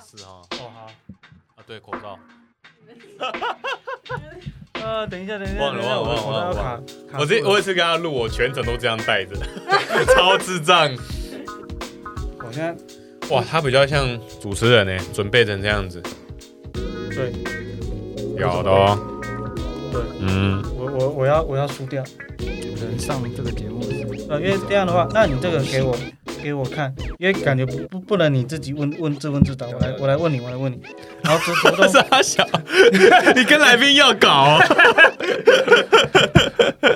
是哈哦，哦好啊對口罩，哈、 呃、等一下，等一下，忘了忘了忘了忘了，我這我也是跟他錄，我全程都這樣戴着， 超智障 我現在哇，他比較像主持人呢，準備成這樣子，對有的哦、喔、對嗯我我我要我要輸掉可能上這個節目啊，因為這樣的話那你這個給我。給我看，因為感覺不不能你自己問問自問自答，我來我來問你，我來問你，然後左手都是阿小， 你跟來賓要搞哦。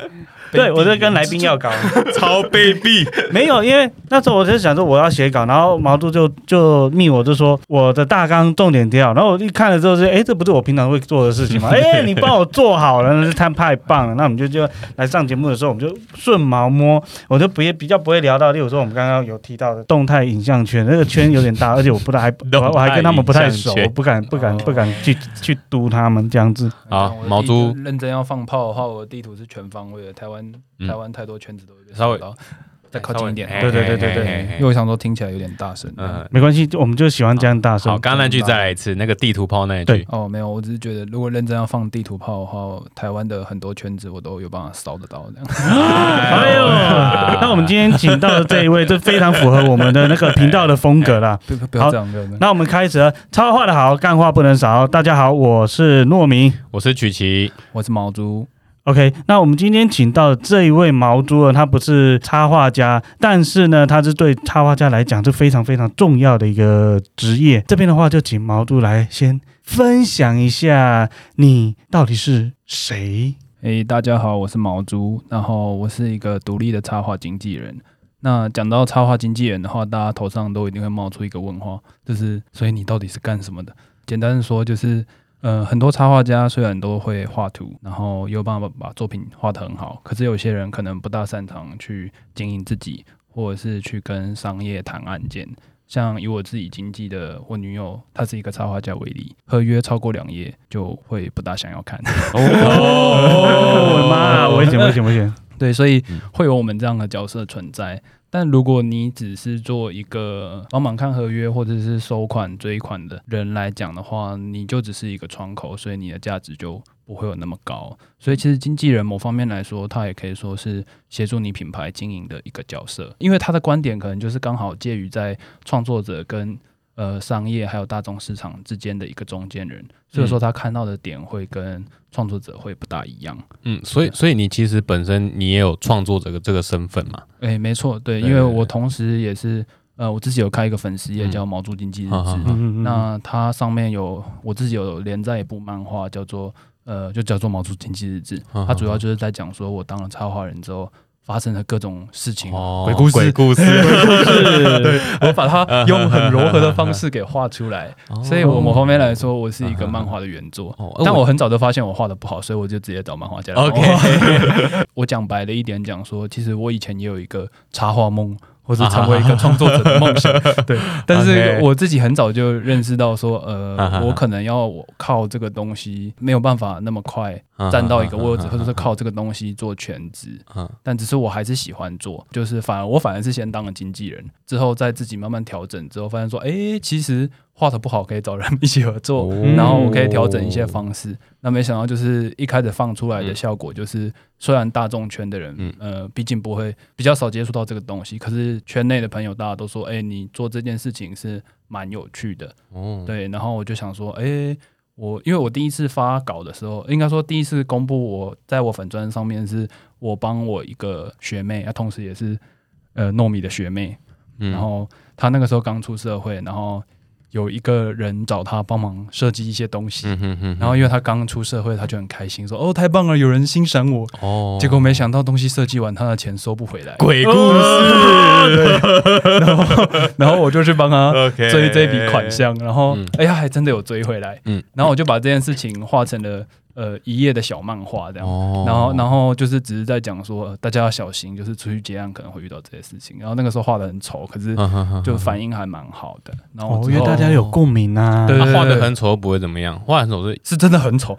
對，我就跟來賓要稿，就 超卑鄙。 沒有，因為那時候我就想說我要寫稿，然後毛豬就就密我就說我的大綱重點掉，然後我一看了之後是，哎、欸，這不是我平常會做的事情嗎？哎、欸，你幫我做好了，那太棒了。那我們就就來上節目的時候，我們就順毛摸，我就不比，比較不會聊到，例如說我們剛剛有提到的動態影像圈，那個圈有點大，而且我不太我我還跟他們不太熟我不，不敢不敢、oh, 不敢去 yeah. 去督他們這樣子啊。毛豬認真要放炮的話，我的地圖是全方位的台灣。台灣太多圈子都稍微再靠近一點，對對對對對，因為我想說聽起來有點大聲，嗯，沒關係，我們就喜歡這樣大聲。好，剛剛那句再來一次，那個地圖炮那一句。哦，沒有，我只是覺得如果認真要放地圖炮的話，台灣的很多圈子我都有辦法掃得到這樣。哎呦，那我們今天請到的這一位，就非常符合我們的那個頻道的風格啦。好，不要這樣，那我們開始了，插畫的好，幹話不能少。大家好，我是諾米，我是曲奇，我是毛豬。OK，那我們今天請到這一位毛豬啊，他不是插畫家，但是呢，他是對插畫家來講是非常非常重要的一個職業。這邊的話，就請毛豬來先分享一下你到底是誰。誒、欸，大家好，我是毛豬，然後我是一個獨立的插畫經紀人。那講到插畫經紀人的話，大家頭上都一定會冒出一個問號，就是所以你到底是幹什麼的？簡單說，就是。嗯、呃，很多插畫家雖然都會畫圖，然後也有辦法把作品畫得很好，可是有些人可能不大擅長去經營自己，或者是去跟商業談案件。像以我自己經紀的我女友，她是一個插畫家為例，合約超過兩頁就會不大想要看。哦，媽、 啊，危險，危險，危險！對，所以會有我們這樣的角色存在。但如果你只是做一個幫忙看合約或者是收款追款的人來講的話，你就只是一個窗口，所以你的價值就不會有那麼高。所以其實經紀人某方面來說，他也可以說是協助你品牌經營的一個角色，因為他的觀點可能就是剛好介於在創作者跟，呃，商業還有大眾市場之間的一個中間人，所以說他看到的點會跟創作者會不大一樣。嗯，對嗯，所以所以你其實本身你也有創作者的這個身份嘛？哎、欸，沒錯，對，對對對對，因為我同時也是呃，我自己有開一個粉絲頁叫毛豬，《毛豬經紀日誌》。好好好，那它上面有我自己有連載一部漫畫，叫做呃，就叫做《毛豬經紀日誌》，它主要就是在講說我當了插畫人之後。發生的各種事情，哦、鬼故事，鬼故事，鬼故事，我把它用很柔和的方式給畫出來。所以，我某方面來說，我是一個漫畫的原作，但我很早就發現我畫的不好，所以我就直接找漫畫家來 OK。哦哦、我講、嗯嗯、白了一點，講說，其實我以前也有一個插畫夢。或者成為一個創作者的夢想、uh huh, 嗯，對。人 okay, 但是我自己很早就認識到說，呃，uh、huh, 我可能要靠這個東西沒有辦法那麼快站到一個位置，或者是靠這個東西做全職。但只是我還是喜歡做，就是反而我反而是先當了經紀人，之後再自己慢慢調整，之後發現說，哎、欸，其實。畫得不好可以找人一起合作，哦、然後我可以調整一些方式。哦、那沒想到就是一開始放出來的效果，就是雖然大眾圈的人，嗯、呃，畢竟不會比較少接觸到這個東西，嗯、可是圈內的朋友大家都說，哎、欸，你做這件事情是蠻有趣的。哦、對，然後我就想說，哎、欸，我因為我第一次發稿的時候，應該說第一次公布，我在我粉專上面是我幫我一個學妹，她、啊、同時也是呃糯米的學妹，嗯、然後她那個時候剛出社會，然後。有一個人找他幫忙設計一些東西，嗯、哼哼哼然後因為他剛出社會，他就很開心，說：“哦，太棒了，有人欣賞我。”哦，結果沒想到東西設計完，他的錢收不回來，哦、鬼故事。然後，然後我就去幫他追這筆款項，Okay 然後，哎呀，還真的有追回來。嗯、然後我就把這件事情畫成了。呃，一頁的小漫畫這樣，然後然後就是只是在講說，大家要小心，就是出去接案可能會遇到這些事情。然後那個時候畫的很醜，可是就反應還蠻好的。然後我覺得大家有共鳴啊，對畫的很醜不會怎麼樣，畫很醜是是真的很醜。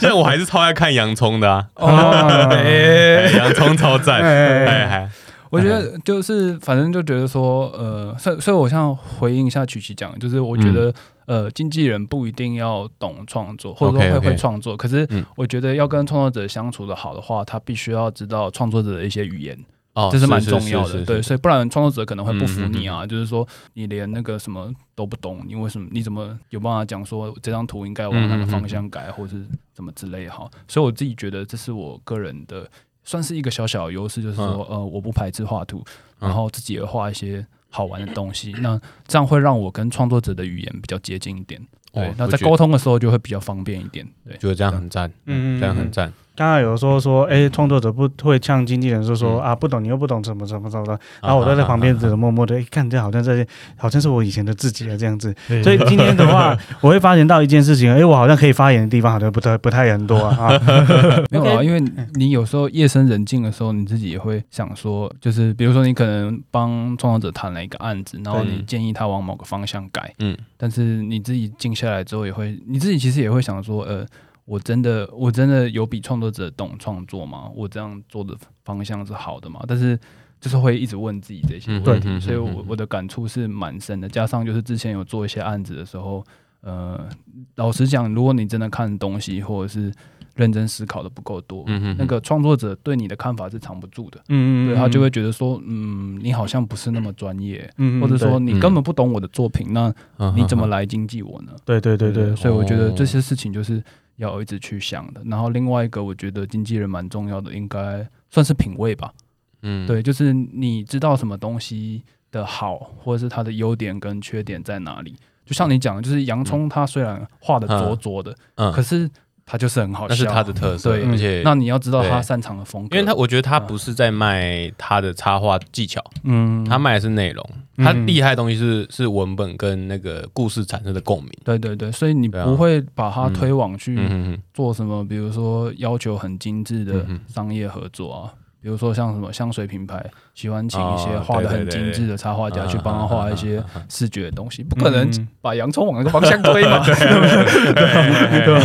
現在我還是超愛看洋蔥的啊，洋蔥超讚。哎，我覺得就是反正就覺得說，呃，所所以我想回應一下曲奇講，就是我覺得。呃，經紀人不一定要懂創作，或者說會會創作，okay, okay，可是我覺得要跟創作者相處得好的話，嗯、他必須要知道創作者的一些語言，哦、這是蠻重要的。是是是是是對，所以不然創作者可能會不服你啊，嗯、哼哼就是說你連那個什麼都不懂，你為什麼？你怎麼有辦法講說這張圖應該往哪個方向改，嗯、哼哼或是怎麼之類的好，所以我自己覺得，這是我個人的，算是一個小小的優勢，就是說，嗯、呃，我不排斥畫圖，然後自己也畫一些。好玩的東西，那這樣會讓我跟創作者的語言比較接近一點，哦、對，不覺得，那在溝通的時候就會比較方便一點，對，就是這樣很讚，嗯嗯，這樣很讚。剛剛有時候說、欸、說說，哎，創作者不會像經紀人說說啊，不懂你又不懂怎麼怎麼怎麼的。然後我都在旁邊只能默默的，一看這好像這些好像是我以前的自己啊。這樣子。所以今天的話，我會發現到一件事情，哎、欸，我好像可以發言的地方好像不太不太很多啊啊。嗯嗯、沒有，啊，因為你有時候夜深人靜的時候，你自己也會想說，就是比如說你可能幫創作者談了一個案子，然後你建議他往某個方向改，對嗯，但是你自己靜下來之後，也會你自己其實也會想說，呃。我真的，我真的有比創作者懂創作嗎？我這樣做的方向是好的嗎？但是就是會一直問自己這些問題，嗯對嗯、所以我的感觸是蠻深的，加上就是之前有做一些案子的時候，呃，老實講，如果你真的看東西或者是認真思考的不夠多，嗯嗯嗯、那個創作者對你的看法是藏不住的，嗯嗯他就會覺得說，嗯，你好像不是那麼專業，嗯、或者說對你根本不懂我的作品，嗯、那你怎麼來經紀我呢？啊啊啊啊嗯。對對對對，哦、所以我覺得這些事情就是。要一直去想的，然後另外一個，我覺得經紀人蠻重要的，應該算是品味吧。嗯，對，就是你知道什麼東西的好，或者是它的優點跟缺點在哪裡。就像你講的，就是洋蔥，它雖然畫的拙拙的，啊啊、可是。他就是很好笑，那是他的特色，嗯。對，而且、嗯、那你要知道他擅長的風格，因為他我覺得他不是在賣他的插畫技巧，嗯，他賣的是內容，他厲害的東西是是文本跟那個故事產生的共鳴。對對對，所以你不會把他推往去做什麼，比如說要求很精緻的商業合作啊。比如說像什麼香水品牌，喜歡請一些畫的很精致的插畫家、哦、去幫他畫一些視覺的東西，啊啊啊啊、不可能把洋蔥往那個方向推吧？對，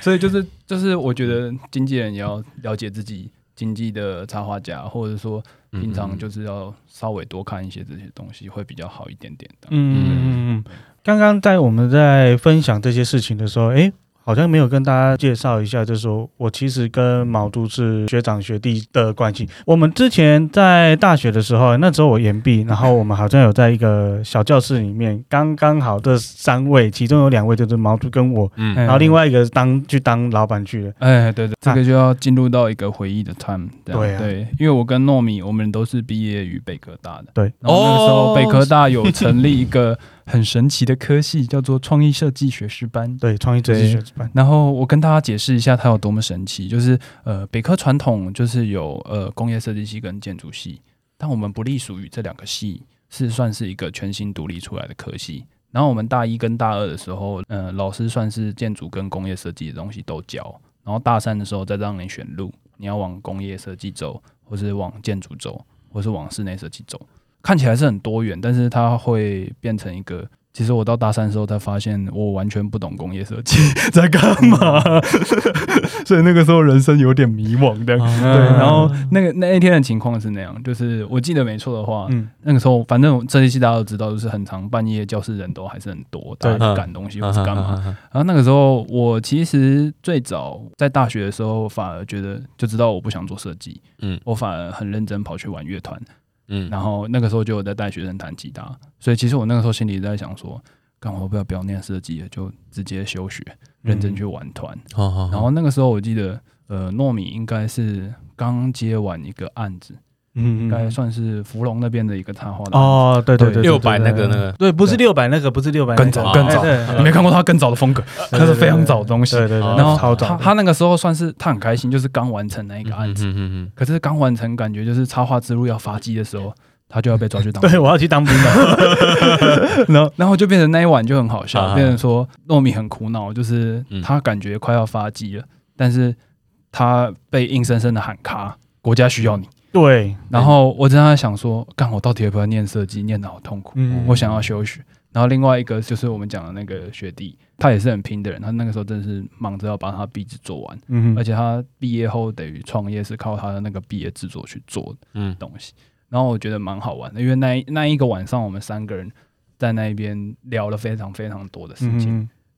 所以就是就是，就是、我覺得經紀人也要了解自己經紀的插畫家，或者說平常就是要稍微多看一些這些東西，會比較好一點點，嗯嗯嗯，剛剛在我們在分享這些事情的時候，哎、欸。好像沒有跟大家介紹一下，就是說我其實跟毛豬是學長學弟的關係。我們之前在大學的時候，那時候我延畢，然後我們好像有在一個小教室裡面，剛剛好這三位，其中有兩位就是毛豬跟我，嗯，然後另外一個當去當老闆去了。哎，對，對對，這個就要進入到一個回憶的 time。對、啊、對，因為我跟諾米，我們都是畢業於北科大的。對，然後那個時候北科大有成立一個。很神奇的科系叫做創意設計學士班，對創意設計學士班。然後我跟大家解釋一下它有多麼神奇，就是呃北科傳統就是有呃工業設計系跟建築系，但我們不隸屬於這兩個系，是算是一個全新獨立出來的科系。然後我們大一跟大二的時候，呃老師算是建築跟工業設計的東西都教，然後大三的時候再讓你選路，你要往工業設計走，或是往建築走，或是往室內設計走。看起來是很多元，但是它會變成一個。其實我到大三的時候，才發現我完全不懂工業設計 在幹幹嘛， 所以那個時候人生有點迷惘的。Uh huh. 對，然後那個那一天的情況是那樣，就是我記得沒錯的話，uh huh. 那個時候反正設計系大家都知道，就是很常半夜教室人都還是很多，大家趕東西或是幹嘛。Uh huh. uh huh. 然後那個時候，我其實最早在大學的時候，反而覺得就知道我不想做設計，uh huh. 我反而很認真跑去玩樂團。嗯，然後那個時候就有在帶學生彈吉他，所以其實我那個時候心裡一直在想說，幹嘛不要不要念設計了，就直接休學，認真去玩團。嗯，然後那個時候我記得，呃，諾米應該是剛接完一個案子。嗯，應該算是福隆那邊的一個插畫的哦？對對對，六百那個那個，對，不是六百那個，不是六百，更早更早，你沒看過他更早的風格，他是非常早的東西。對對對，然後他他那個時候算是他很開心，就是剛完成那一個案子，可是剛完成，感覺就是插畫之路要發跡的時候，他就要被抓去當兵。對，我要去當兵。然後然後就變成那一晚就很好笑，變成說糯米很苦惱，就是他感覺快要發跡了，但是他被硬生生的喊卡，國家需要你。對，然後我真的在想說，對幹，我到底要不要念設計念得好痛苦，嗯、我想要休學。嗯、然後另外一個就是我們講的那個學弟，他也是很拼的人，他那個時候真的是忙着要把他的畢製做完，嗯、哼而且他畢業後等於創業是靠他的那個畢業制作去做的東西。嗯、然後我覺得蠻好玩的，因為那那一個晚上我們三個人在那邊聊了非常非常多的事情，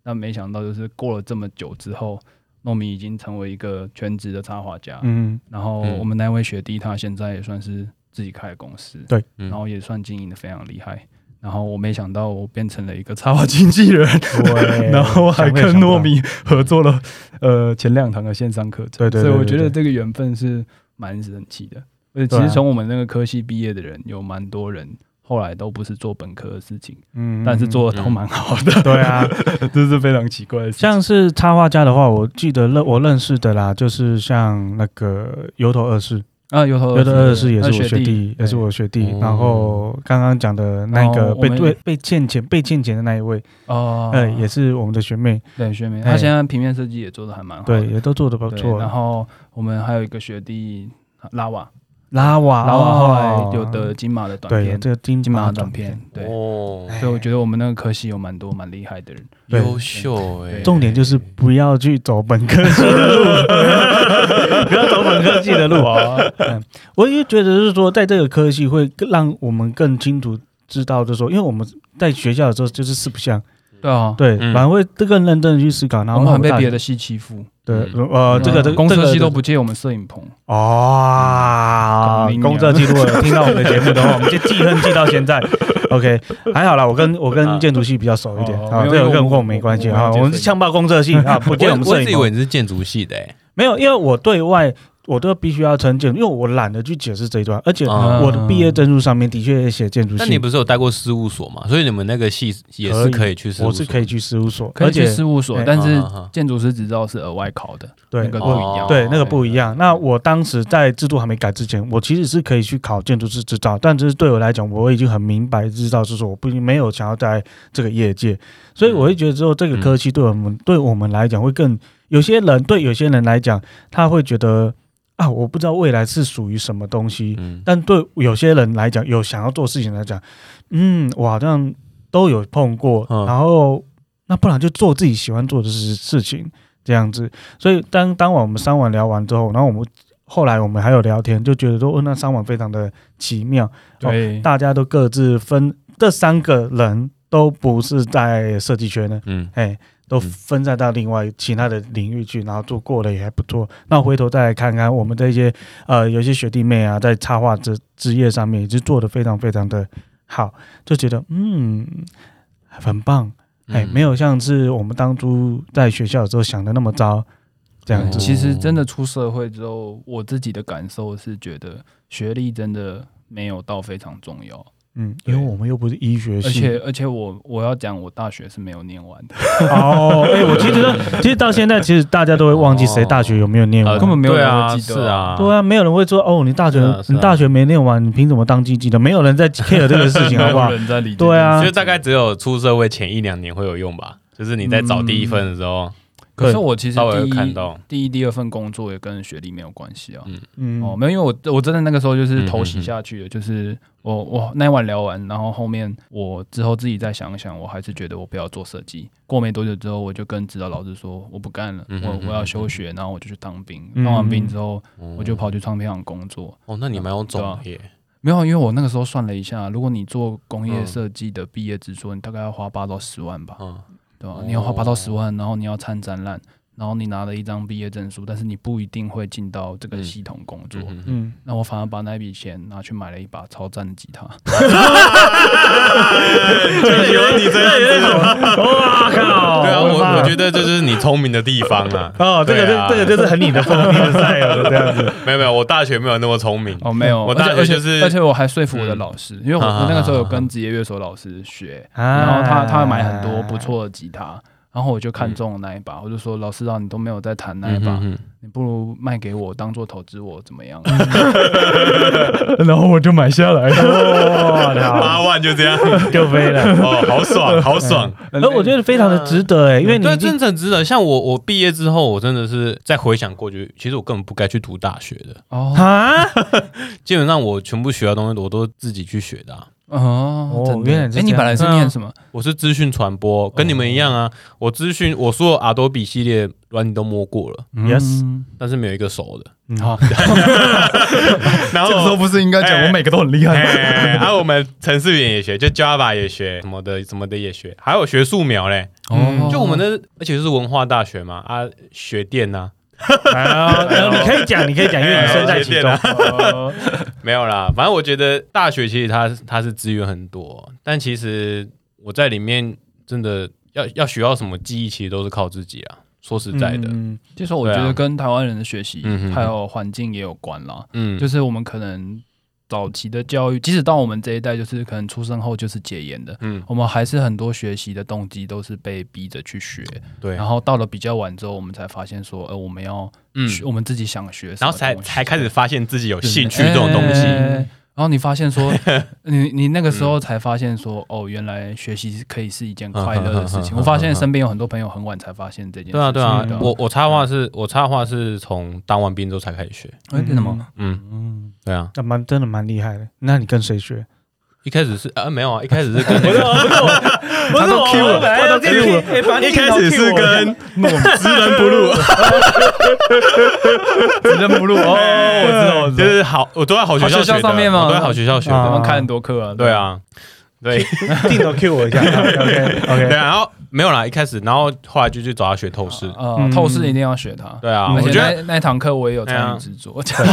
那、嗯、哼沒想到就是過了這麼久之後。諾米已經成為一個全職的插畫家，嗯，然後我們那位學弟他現在也算是自己開的公司，對，然後也算經營得非常厲害。然後我沒想到我變成了一個插畫經紀人，對， 然後還跟諾米合作了，呃，前兩堂的線上課程，對對，所以我覺得這個緣分是蠻神奇的。其實從我們那個科系畢業的人有蠻多人。後來都不是做本科的事情，嗯，但是做的都蠻好的。對啊，這是非常奇怪的。像是插畫家的話，我記得認我認識的啦，就是像那個油頭二世啊，油頭二世也是我學弟，也是我學弟。然後剛剛講的那個被被被欠錢被欠錢的那一位哦，也是我們的學妹，對學妹，她現在平面設計也做的還蠻好，對，也都做的不錯。然後我們還有一個學弟拉瓦。拉瓦、哦，拉瓦有的金馬的短片，對，這個、金馬短片，短片哦、對，哎、所以我覺得我們那個科系有蠻多蠻厲害的人，對嗯、優秀、欸。重點就是不要去走本科系的路， 不要走本科系的路哦、 嗯。我也覺得是說，在這個科系會讓我們更清楚知道，就是說，因為我們在學校的時候就是四不像。對啊，對，反而會更認真地去思考，然後我們還被別的系欺負。對，呃，這個這個工設系都不借我們攝影棚。啊，工作記錄了聽到我們的節目的話，我們就記恨記到現在。OK，還好啦我跟我跟建築系比較熟一點，啊，這個跟我沒關係啊，我們是槍爆工設系啊，不借我們攝影棚。我自以為你是建築系的，沒有，因為我對外。我都必須要稱建築，因為我懶得去解釋這一段，而且我的畢業證書上面的確也寫建築師。那你不是有帶過事務所嘛？所以你們那個系也是可以去，我是可以去事務所，可以去事務所，但是建築師執照是額外考的，對，那個不一樣，對，那個不一樣。那我當時在制度還沒改之前，我其實是可以去考建築師執照，但是對我來講，我已經很明白，知道是說我不沒有想要在這個業界，所以我會覺得說，這個科系對我們，對我們來講會更，有些人對有些人來講，他會覺得。啊，我不知道未來是屬於什麼東西，嗯、但對有些人來講，有想要做事情來講，嗯，我好像都有碰過，哦、然後那不然就做自己喜歡做的事事情這樣子。所以當當晚我們三晚聊完之後，然後我們後來我們還有聊天，就覺得說，哦、那三晚非常的奇妙，對、哦，大家都各自分，這三個人都不是在設計圈的，嗯，誒。都分散到另外其他的領域去，然後做過的也還不錯。那回頭再來看看我們這些呃，有些學弟妹啊，在插畫這職業上面也是做得非常非常的好，就覺得嗯，很棒。哎、欸，沒有像是我們當初在學校的時候想的那麼糟這樣子。嗯、其實真的出社會之後，我自己的感受是覺得學歷真的沒有到非常重要。嗯，因為我們又不是醫學系，而且而且我我要講，我大學是沒有念完的。哦，哎，我其實其實到現在，其實大家都會忘記誰大學有沒有念完，根本沒有人記得。是啊，對啊，沒有人會說哦，你大學、啊啊、你大學沒念完，你憑什麼當經紀的？沒有人在 care 這個事情，好不好？對啊，就大概只有出社會前一兩年會有用吧，就是你在找第一份的時候。可是我其實第一、到有看到嗯、第一、第二份工作也跟學歷沒有關係啊。嗯，嗯哦，沒有，因為我我真的那個時候就是偷襲下去的。嗯嗯嗯，就是我我那一晚聊完，然後後面我之後自己再想想，我還是覺得我不要做設計。過沒多久之後，我就跟指導老師說我不幹了，我我要休學，然後我就去當兵。嗯嗯嗯嗯，當完兵之後，嗯嗯嗯哦、我就跑去唱片行工作。哦，那你蠻有走、嗯、啊？沒有，因為我那個時候算了一下，如果你做工業設計的畢業支出，嗯嗯，你大概要花八到十萬吧。嗯嗯對啊、你要花八到十萬，哦、然後你要參展覽。然後你拿了一張畢業證書，但是你不一定會進到這個系統工作。嗯，那我反而把那筆錢拿去買了一把超讚的吉他。哈哈哈哈哈哈！有你真有。哇靠！對啊，我我覺得這就是你聰明的地方啊。哦，這個就這個就是很你的風格了，對不對？沒有沒有，我大學沒有那麼聰明。哦，沒有，我大學就是，而且我還說服我的老師，因為我那個時候有跟職業樂手老師學，然後他他買很多不錯的吉他。然後我就看中了那一把，嗯、我就說：“老師啊，你都沒有在談那一把，嗯、哼哼你不如賣給我當做投資我，我怎麼樣？”然後我就買下來，八 後萬就這樣就 飛了， 哦，好爽，好爽！嗯嗯、而我覺得非常的值得，哎、呃，因為你對，真的很值得。像我，我畢業之後，我真的是在回想過去，其實我根本不該去讀大學的。哦哈， 基本上我全部學的東西，我都自己去學的、啊。哦，真的！哎，你本來是念什麼？我是資訊傳播，跟你們一樣啊。我資訊，我說 Adobe 系列軟體都摸過了，yes，但是沒有一個熟的。然後這時候不是應該講，我每個都很厲害嗎。然後我們程式語言也學，就 Java 也學，什麼的什麼的也學，還有學素描嘞。嗯，就我們的，而且就是文化大學嘛，啊，學電吶。 你可以講， 你可以講， 因為你身在其中。 沒有啦，反正我覺得大學其實它它是資源很多，但其實我在裡面真的要要學到什麼技藝，其實都是靠自己啊。說實在的，嗯嗯，就是說我覺得跟台灣人的學習還有環境也有關啦。 嗯嗯，就是我們可能。早期的教育，即使到我們這一代，就是可能出生後就是解嚴的，嗯，我們還是很多學習的動機都是被逼着去學，對，然後到了比較晚之後，我們才發現說，呃，我們要學，我們自己想學、嗯，然後才才開始發現自己有興趣這種東西對。欸欸然後你發現說你，你你那個時候才發現說， 嗯、哦，原來學習可以是一件快樂的事情。嗯嗯嗯嗯嗯、我發現身邊有很多朋友很晚才發現這件事情。對啊，對啊，樣嗯、我我插畫是對我插畫是從當完兵之後才開始學。為什、嗯、麼？嗯，嗯對啊。那蠻真的蠻厲害的。那你跟誰學？一開始是啊，沒有啊，一開始是跟他都 Q 了，他都 Q 了，一開始是跟直男 b l 直男 b l，哦，我知道，我都在好學校學的，都在好學校學，他們開很多課啊，對啊。對，鏡頭 Q 我一下，OK OK。然後沒有啦，一開始，然後後來就去找他學透視，透視一定要學他。對啊，我覺得那堂課我也有參與制作。對，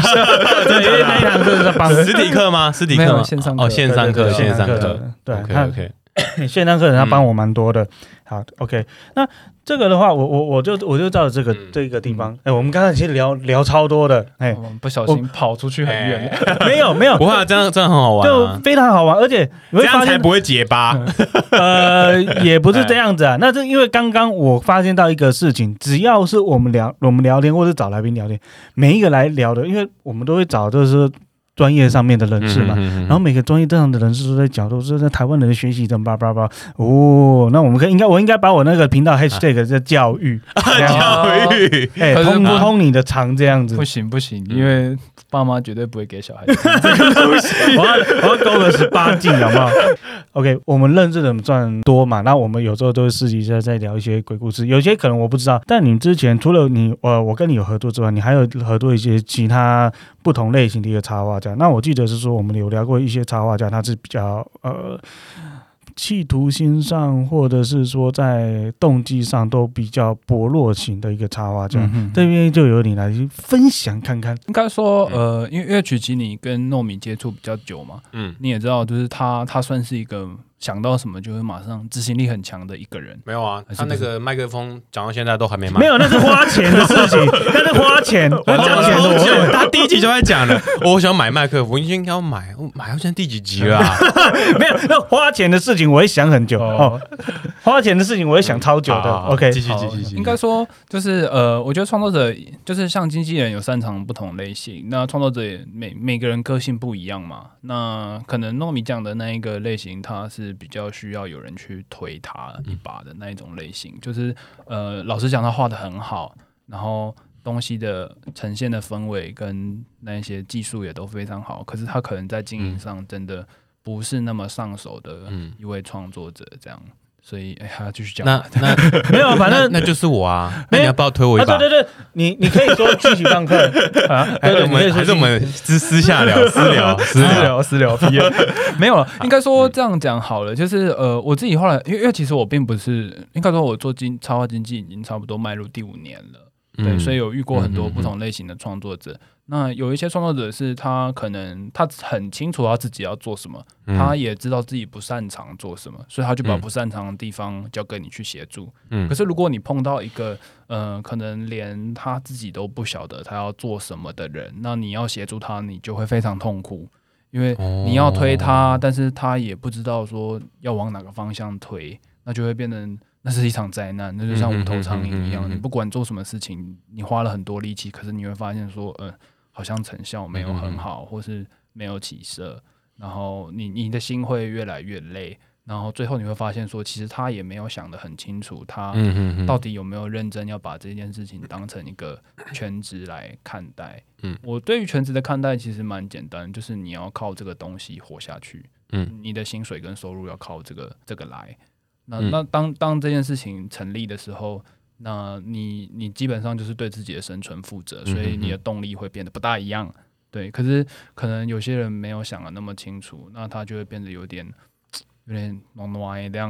因為那堂課是八十。實體課嗎？實體課線上哦，線上課，線上課。對，OK OK。現上客人他幫我蠻多的，嗯、好，OK，那這個的話，我我我就我就照著這個、嗯、這個地方。哎、欸，我們剛才其實聊聊超多的，哎、欸，我們不小心跑出去很遠、欸 ，沒有沒有，不怕，就這樣真的很好玩、啊，就非常好玩，而且我會發現這樣才不會結巴、嗯。呃，也不是這樣子啊， 那是因為剛剛我發現到一個事情，只要是我們聊我們聊天，或是找來賓聊天，每一個來聊的，因為我們都會找就是。專業上面的人士嘛、嗯，嗯嗯嗯、然後每個專業這樣的人士都在講，都是在台灣人的學習等叭叭叭。哦，那我們可以應該我應該把我那個頻道 hashtag 叫教育，啊樣啊、教育，哎、欸，是通、啊、通你的腸這樣子，不行不行，因為爸媽絕對不會給小孩子這個東西 我要我要勾個十八禁，好不好？OK，我們認識的人算多嘛，那我們有時候都會私底下在聊一些鬼故事。有些可能我不知道，但你之前除了你呃我跟你有合作之外，你還有合作一些其他不同類型的一個插畫、啊。那我記得是說，我們有聊過一些插畫家，他是比較呃，企圖心上，或者是說在動機上都比較薄弱型的一個插畫家。嗯哼嗯、這邊就由你來分享看看。應該說，呃，因為因為曲奇你跟糯米接觸比較久嘛，嗯，你也知道，就是他他算是一個。想到什麼就會馬上執行力很強的一個人。沒有啊，他那個麥克風講到現在都還沒買。沒有，那是花錢的事情，那是花錢，花錢的。我他第一集就在講了，我想買麥克風，你先給我買。我買到現在第幾集了？沒有，那花錢的事情我會想很久，花錢的事情我會想超久的。OK，繼續繼續繼續。應該說就是呃，我覺得創作者就是像經紀人有擅長不同類型，那創作者也每每個人個性不一樣嘛，那可能諾米醬的那一個類型他是。比較需要有人去推他一把的那一種類型，嗯、就是呃，老實講，他畫得很好，然後東西的呈現的氛圍跟那些技術也都非常好，可是他可能在經營上真的不是那麼上手的一位創作者，這樣。所以哎，還要繼續講？那那沒有，反正那就是我啊。那你要不要推我一把？對對對，你你可以說繼續上課啊。對，我們還是我們私私下聊，私聊、私聊、私聊。沒有了，應該說這樣講好了。就是呃，我自己後來，因為因為其實我並不是，應該說，我做經插畫經紀已經差不多邁入第五年了，對，所以有遇過很多不同類型的創作者。那有一些創作者是他可能他很清楚他自己要做什麼，他也知道自己不擅長做什麼，所以他就把不擅長的地方交給你去協助。嗯。可是如果你碰到一個呃，可能連他自己都不曉得他要做什麼的人，那你要協助他，你就會非常痛苦，因為你要推他，但是他也不知道說要往哪個方向推，那就會變成那是一場災難。那就像無頭蒼蠅一樣，你不管做什麼事情，你花了很多力氣，可是你會發現說，呃。好像成效沒有很好，嗯、哼或是沒有起色，然後你你的心會越來越累，然後最後你會發現說，其實他也沒有想得很清楚，他到底有沒有認真要把這件事情當成一個全職來看待。嗯、哼我對於全職的看待其實蠻簡單，就是你要靠這個東西活下去，嗯、你的薪水跟收入要靠這個這個來。那那當當這件事情成立的時候。那你你基本上就是對自己的生存負責，所以你的動力會變得不大一樣，嗯嗯對。可是可能有些人沒有想得那麼清楚，那他就會變得有點。暖暖這樣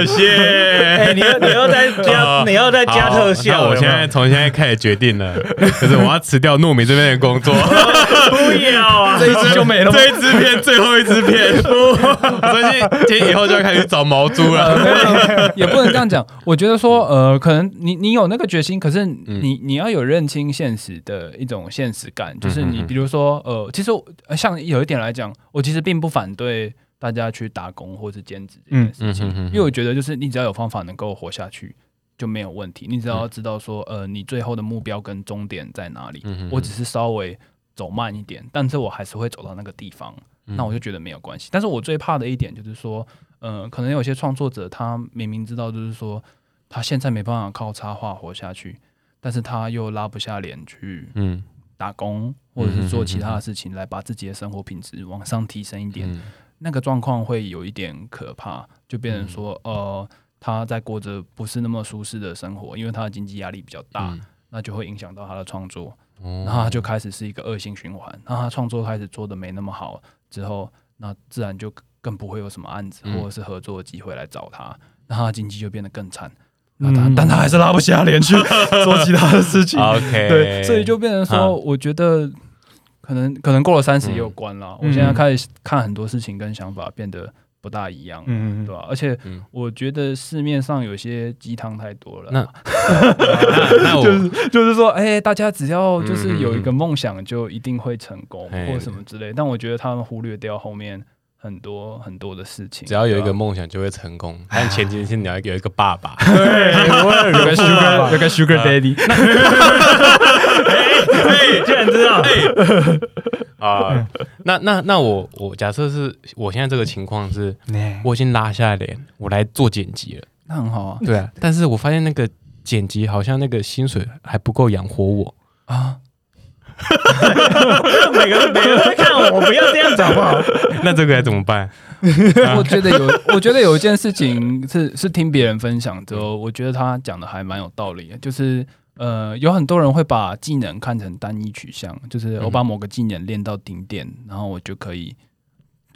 謝謝。哎，你要你要再加，你要再加特效。那我現在從現在開始決定了，就是我要辭掉糯米這邊的工作。不要啊！這一次就沒了，這一支片，最後一支片。所以今天以後就要開始找毛豬了。也不能這樣講。我覺得說，呃，可能你你有那個決心，可是你你要有認清現實的一種現實感。就是你比如說，呃，其實像一。有一點來講，我其實並不反對大家去打工或者兼職這件事情，嗯嗯、哼哼因為我覺得就是你只要有方法能夠活下去就沒有問題。你只要知道說，嗯、呃，你最後的目標跟終點在哪裡，嗯、哼哼我只是稍微走慢一點，但是我還是會走到那個地方。那我就覺得沒有關係。嗯、但是我最怕的一點就是說，呃，可能有些創作者他明明知道就是說他現在沒辦法靠插畫活下去，但是他又拉不下臉去，嗯打工或者是做其他的事情，來把自己的生活品質往上提升一點，那個狀況會有一點可怕，就變成說，呃，他在過着不是那麼舒適的生活，因為他的經濟壓力比較大，那就會影響到他的創作，然後他就開始是一個惡性循環，那他創作開始做得沒那麼好之後，那自然就更不會有什麼案子或者是合作的機會來找他，那他經濟就變得更慘。嗯、但他還是拉不下臉去做其他的事情。OK，對，所以就變成說，我覺得可能可能過了三十也有關了。嗯、我現在開始看很多事情跟想法變得不大一樣，對吧、啊？而且我覺得市面上有些雞湯太多了。那，就是就是說，哎，大家只要就是有一個夢想，就一定會成功或什麼之類。但我覺得他們忽略掉後面。很多很多的事情，只要有一個夢想就會成功。但前提是你要有一個爸爸， 對，有個 sugar， 有個 sugar daddy。哎、欸欸，居然知道！哎、欸，啊、呃，那那那我我假設是我現在這個情況是，我已經拉下臉，我來做剪輯了，那很好啊。對啊，但是我發現那個剪輯好像那個薪水還不夠養活我啊。 每個人，每個人看我，我不要這樣子好不好？那這個該怎麼辦？ 我覺得有，我覺得有一件事情是是聽別人分享之後，我覺得他講的還蠻有道理的。就是呃，有很多人會把技能看成單一取向，就是我把某個技能練到頂點，然後我就可以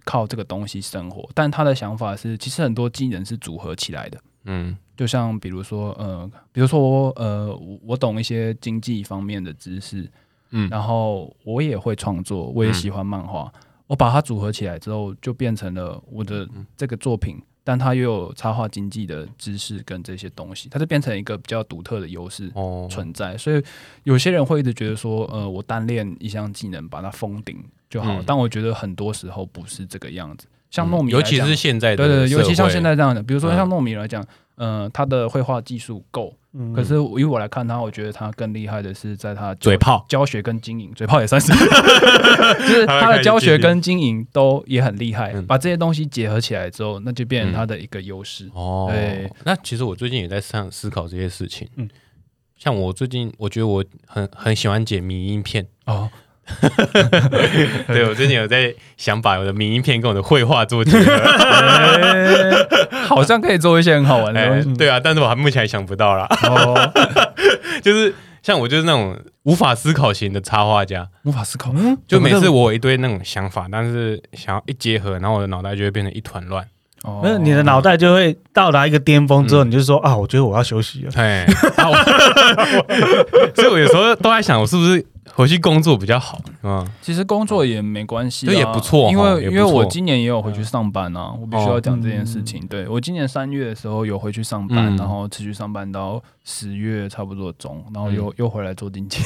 靠這個東西生活。但他的想法是，其實很多技能是組合起來的。嗯，就像比如說呃，比如說呃，我懂一些經濟方面的知識。嗯，然後我也會創作，我也喜歡漫畫，嗯、我把它組合起來之後，就變成了我的這個作品。嗯、但它又有插畫經紀的知識跟這些東西，它就變成一個比較獨特的優勢存在。哦、所以有些人會一直覺得說，呃，我單練一項技能把它封頂就好。嗯、但我覺得很多時候不是這個樣子。像諾米、嗯，尤其是現在的對對，尤其像現在這樣的，比如說像諾米來講。嗯嗯、呃，他的繪畫技術夠，嗯、可是以我來看他，我覺得他更厲害的是在他的嘴炮教學跟經營，嘴炮也算是， 就是他的教學跟經營都也很厲害，把這些東西結合起來之後，那就變成他的一個優勢。嗯、哦，對，那其實我最近也在想思考這些事情。嗯，像我最近，我覺得我很很喜歡解謎影片哦。 對，我最近有在想把我的明信片跟我的繪畫做結合、 欸，好像可以做一些很好玩的、欸、對啊，但是我還目前還想不到啦。哦， 就是像我就是那種無法思考型的插畫家，無法思考，嗯，就每次我有一堆那種想法，但是想要一結合，然後我的腦袋就會變成一團亂。哦，沒有，你的腦袋就會到達一個巔峰之後，你就說、嗯、啊，我覺得我要休息了。對，啊、 所以，我有時候都在想，我是不是？回去工作比較好，其實工作也沒關係，對，也不錯。因為因為我今年也有回去上班啊，我必須要講這件事情。對，我今年三月的時候有回去上班，然後持續上班到十月差不多中，然後又又回來做經紀。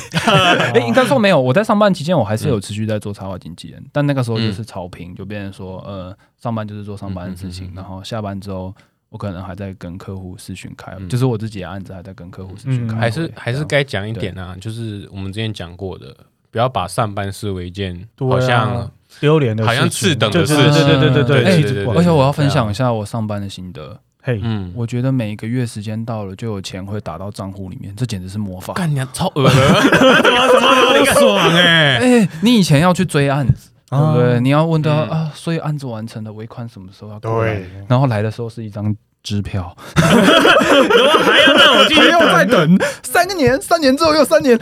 欸，應該說沒有，我在上班期間，我還是有持續在做插畫經紀人，但那個時候就是草坪，就變成說呃，上班就是做上班的事情，然後下班之後。我可能還在跟客戶諮詢開，就是我自己案子還在跟客戶諮詢開。還是還是該講一點啊，就是我們之前講過的，不要把上班視為一件好像丟臉的，好像次等的，對對對對對對對。而且我要分享一下我上班的心得，嘿，嗯，我覺得每一個月時間到了就有錢會打到賬戶裡面，這簡直是魔法！幹你超鵝了，爽哎哎，你以前要去追案子。對對，你要問他啊，所以案子完成了，尾款什麼時候要？對，然後來的時候是一張支票，然後還要還要再等三年，三年之後又三年，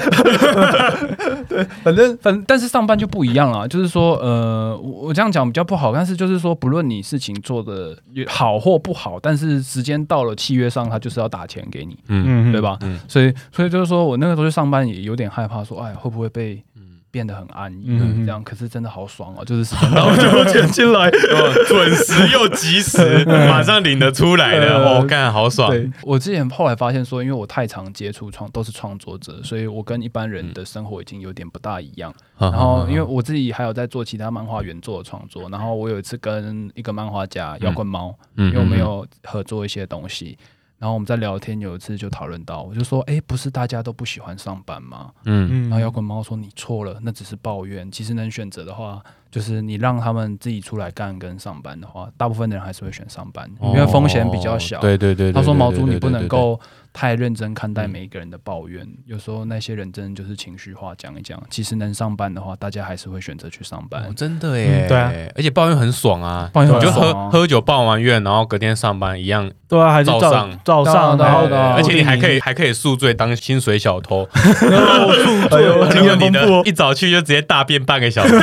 對，反正反但是上班就不一樣了，就是說呃，我我這樣講比較不好，但是就是說不論你事情做的好或不好，但是時間到了契約上，他就是要打錢給你，嗯嗯，對吧？所以所以就是說我那個時候去上班也有點害怕，說哎會不會被嗯。變得很安逸，嗯、哼這樣，可是真的好爽哦，啊！就是然後就撿進來， 準時又及時，馬上領得出來了，我看、 哦，好爽。對我之前後來發現說，因為我太常接觸創，都是創作者，所以我跟一般人的生活已經有點不大一樣。嗯、然後因為我自己還有在做其他漫畫原作的創作，然後我有一次跟一個漫畫家搖滾貓又沒有合作一些東西。然後我們在聊天，有一次就討論到，我就說，哎、欸，不是大家都不喜歡上班嗎？嗯嗯。然後搖滾貓說，你錯了，那只是抱怨，其實能選擇的話。就是你讓他們自己出來幹跟上班的話，大部分的人還是會選上班，因為風險比較小。對對對，他說，毛豬你不能夠太認真看待每一個人的抱怨，有時候那些人真的就是情緒化講一講。其實能上班的話，大家還是會選擇去上班。真的耶，對啊，而且抱怨很爽啊，你就喝喝酒抱完怨，然後隔天上班一樣。對啊，還是早上早上，然後的，而且你還可以還可以宿醉當薪水小偷。我宿醉，經過你的，一早去就直接大便半個小時。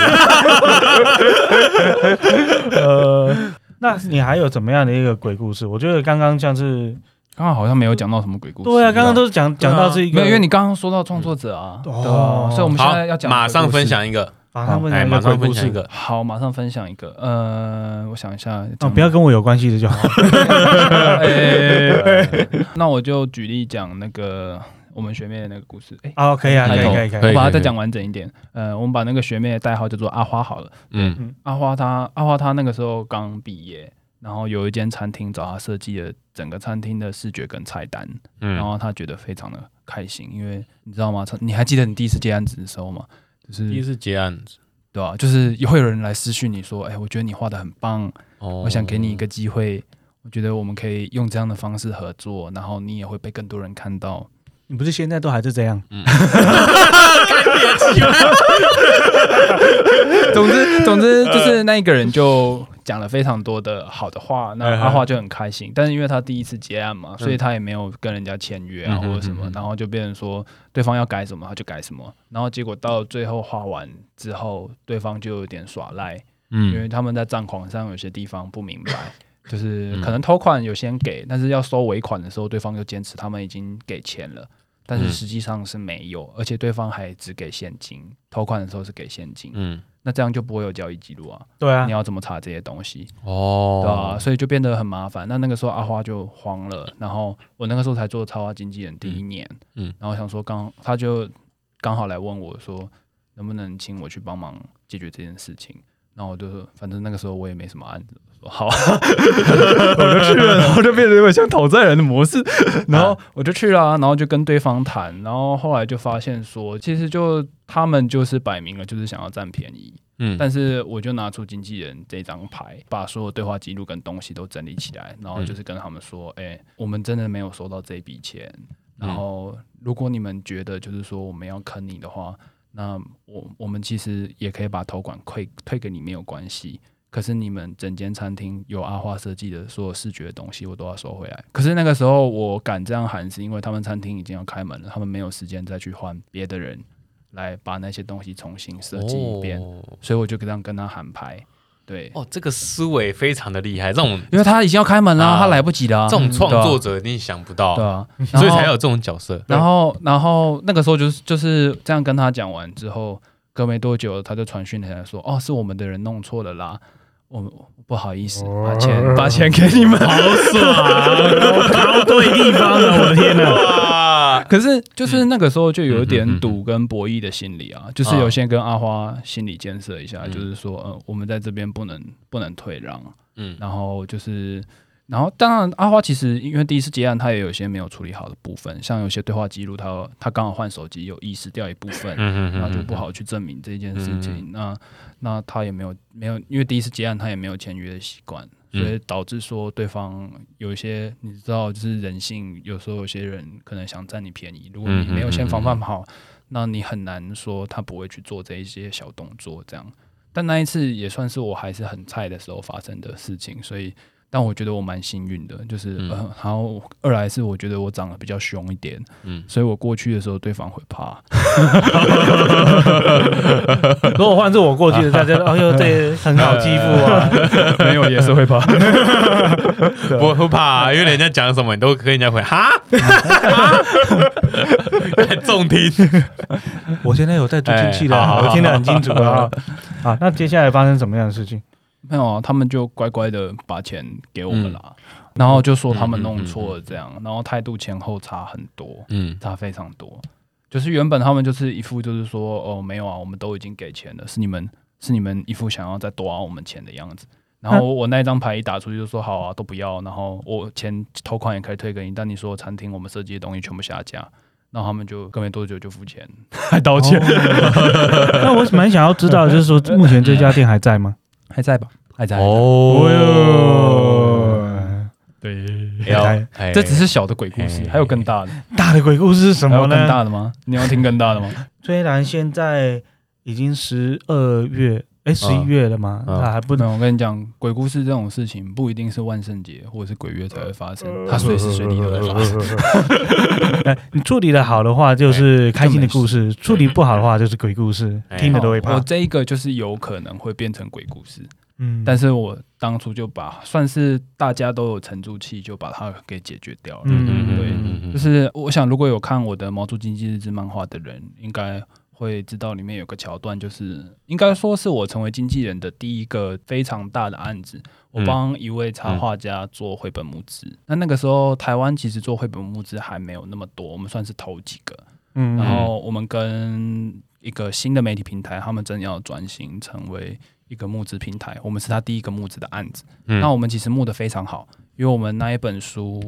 呃，那你還有怎麼樣的一個鬼故事？我覺得剛剛像是剛剛好像沒有講到什麼鬼故事，對啊，剛剛都是講講到這一個，因為你剛剛說到創作者啊，哦，所以我們現在要講，馬上分享一個，馬上分享一個一個，好，馬上分享一個，呃，我想一下，哦，不要跟我有關係的就好，那我就舉例講那個。我們學妹的那個故事，哎，可以啊，可以可以可以，我把它再講完整一點。Okay, okay, okay, 呃，我們把那個學妹的代號叫做阿花好了。嗯，阿花她，阿花她那個時候剛畢業，然後有一間餐廳找她設計了整個餐廳的視覺跟菜單，嗯，然後她覺得非常的開心，嗯、因為你知道嗎？你還記得你第一次接案子的時候嗎？就是第一次接案子，對吧、啊？就是也會有人來私訊你說，哎、欸，我覺得你畫的很棒，哦、我想給你一個機會，我覺得我們可以用這樣的方式合作，然後你也會被更多人看到。你不是現在都還是這樣？哈哈哈哈哈！ 麼 總之，總之就是那一個人就講了非常多的好的話，那阿華就很開心。嗯、但是因為他第一次接案嘛，嗯、所以他也沒有跟人家簽約啊、嗯、或者什麼，然後就變成說對方要改什麼他就改什麼。然後結果到最後畫完之後，對方就有點耍賴，嗯，因為他們在帳款上有些地方不明白。就是可能頭款有先給，嗯、但是要收尾款的時候，對方又堅持他們已經給錢了，但是實際上是沒有，嗯、而且對方還只給現金。頭款的時候是給現金，嗯，那這樣就不會有交易記錄啊。對啊，你要怎麼查這些東西？哦，對啊，所以就變得很麻煩。那那個時候阿花就慌了，然後我那個時候才做插畫經紀人第一年，嗯，嗯然後我想說剛他就剛好來問我說，能不能請我去幫忙解決這件事情？然後我就說，反正那個時候我也沒什麼案子。好、啊， 我就去了，然後就變成有點像討債人的模式。然後我就去啦，然後就跟對方談，然後後來就發現說，其實就他們就是擺明了就是想要占便宜。嗯，但是我就拿出經紀人這張牌，把所有對話記錄跟東西都整理起來，然後就是跟他們說，哎，我們真的沒有收到這筆錢。然後如果你們覺得就是說我們要坑你的話，那我我們其實也可以把頭款退退給你，沒有關係。可是你們整間餐廳有阿花設計的所有視覺的東西，我都要收回來。可是那個時候我敢這樣喊，是因為他們餐廳已經要開門了，他們沒有時間再去換別的人來把那些東西重新設計一遍，所以我就這樣跟他喊牌。對哦，這個思維非常的厲害，這種因為他已經要開門了，他來不及了。這種創作者一定想不到，對啊，所以才有這種角色。然後，然後那個時候就是就是這樣跟他講完之後，隔沒多久他就傳訊來說，哦，是我們的人弄錯了啦。我、哦、不好意思，把錢、哦、把錢給你們，好爽、啊，搞、 哦、對地方了，我的天哪！哇可是就是那個時候就有點賭跟博弈的心理啊，嗯、哼哼就是有先跟阿花心理建設一下，啊、就是說，嗯、呃，我們在這邊不能不能退讓，嗯、然後就是。然後，當然，阿花其實因為第一次接案，她也有一些沒有處理好的部分，像有些對話記錄，她她剛好換手機，有遺失掉一部分，那就不好去證明這件事情。那那她也沒有沒有，因為第一次接案，她也沒有簽約的習慣，所以導致說對方有一些你知道，就是人性，有時候有些人可能想占你便宜，如果你沒有先防範好，那你很難說他不會去做這一些小動作這樣。但那一次也算是我還是很菜的時候發生的事情，所以。但我覺得我蠻幸運的，就是，嗯、然後二來是我覺得我長得比較兇一點，嗯、所以我過去的時候對方會怕。 如果換作我過去，大家哎呦，這很好欺負啊！哎、呦對沒有，也是會怕， 不會怕，因為人家講什麼你都可以，人家會哈，很 重 聽。 我現在有在助聽器了，哎、好好好，我聽得很清楚啊、哦。啊， 那接下來發生什麼樣的事情？沒有啊，他們就乖乖的把錢給我們啦，嗯、然後就說他們弄錯了這樣，嗯嗯嗯嗯嗯、然後態度前後差很多，嗯，差非常多。就是原本他們就是一副就是說哦沒有啊，我們都已經給錢了，是你們是你們一副想要再多啊，我們錢的樣子。然後我那一張牌一打出去就說好啊，都不要。然後我錢頭款也可以退給你，但你說餐廳我們設計的東西全部下架，然後他們就更沒多久就付錢，還道歉。那我蠻想要知道，就是說目前這家店還在嗎？ 還在吧？還在哦。對、oh, yeah , yeah.，要這只是小的鬼故事，還有更大的。大的鬼故事是什麼呢？還有更大的嗎？你要聽更大的嗎？ 雖然現在已經十二月。哎，十一月了嗎？那還不能。我跟你講，鬼故事這種事情不一定是萬聖節或者是鬼月才會發生，它隨時隨地都在發生。你處理得好的話就是開心的故事，處理不好的話就是鬼故事，聽了都會怕。我這一個就是有可能會變成鬼故事，嗯，但是我當初就把算是大家都有沉住氣，就把它給解決掉了。嗯嗯對，就是我想如果有看我的《毛豬經紀日誌》漫畫的人，應該。會知道裡面有個橋段，就是應該說是我成為經紀人的第一個非常大的案子，我幫一位插畫家做繪本募資。嗯嗯、那那個時候，台灣其實做繪本募資還沒有那麼多，我們算是頭幾個。嗯，然後我們跟一個新的媒體平台，他們正要轉型成為一個募資平台，我們是他第一個募資的案子。嗯，那我們其實募得非常好，因為我們那一本書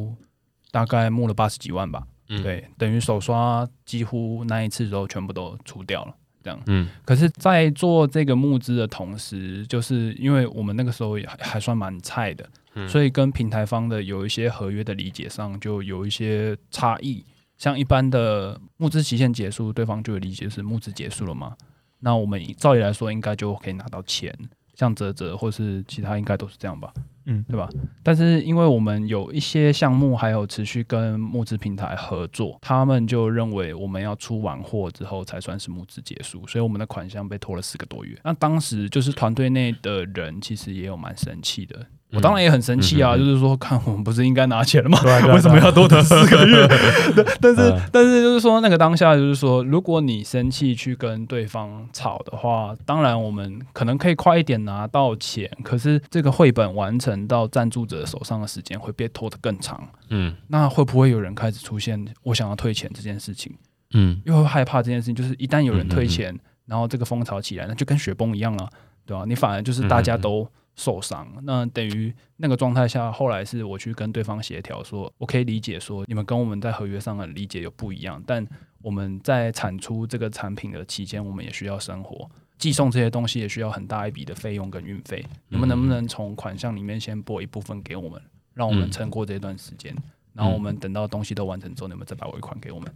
大概募了八十幾萬吧。嗯、對，等於手刷幾乎那一次之後全部都除掉了，這樣。嗯、可是，在做這個募資的同時，就是因為我們那個時候也還還算蠻菜的，嗯、所以跟平台方的有一些合約的理解上就有一些差異。像一般的募資期限結束，對方就有理解是募資結束了嘛，那我們照理來說應該就可以拿到錢。像澤澤或是其他，應該都是這樣吧，嗯，對吧？但是因為我們有一些項目，還有持續跟募資平台合作，他們就認為我們要出完貨之後才算是募資結束，所以我們的款項被拖了四個多月。那當時就是團隊內的人，其實也有蠻生氣的。我當然也很生氣啊，嗯嗯嗯，就是說，看我們不是應該拿錢了嗎？對對對，為什麼要多得四個月？ 對但是，啊、但是就是說，那個當下就是說，如果你生氣去跟對方吵的話，當然我們可能可以快一點拿到錢，可是這個繪本完成到贊助者手上的時間會被拖得更長。嗯，那會不會有人開始出現我想要退錢這件事情？嗯，嗯，又、嗯、害怕這件事情，就是一旦有人退錢，然後這個風潮起來，那就跟雪崩一樣了、啊，對吧、啊？你反而就是大家都。受傷，那等於那個狀態下，後來是我去跟對方協調，說我可以理解，說你們跟我們在合約上的理解有不一樣，但我們在產出這個產品的期間，我們也需要生活，寄送這些東西也需要很大一筆的費用跟運費，你們能不能從款項裡面先撥一部分給我們，讓我們撐過這段時間，然後我們等到東西都完成之後，你們再把尾款給我們，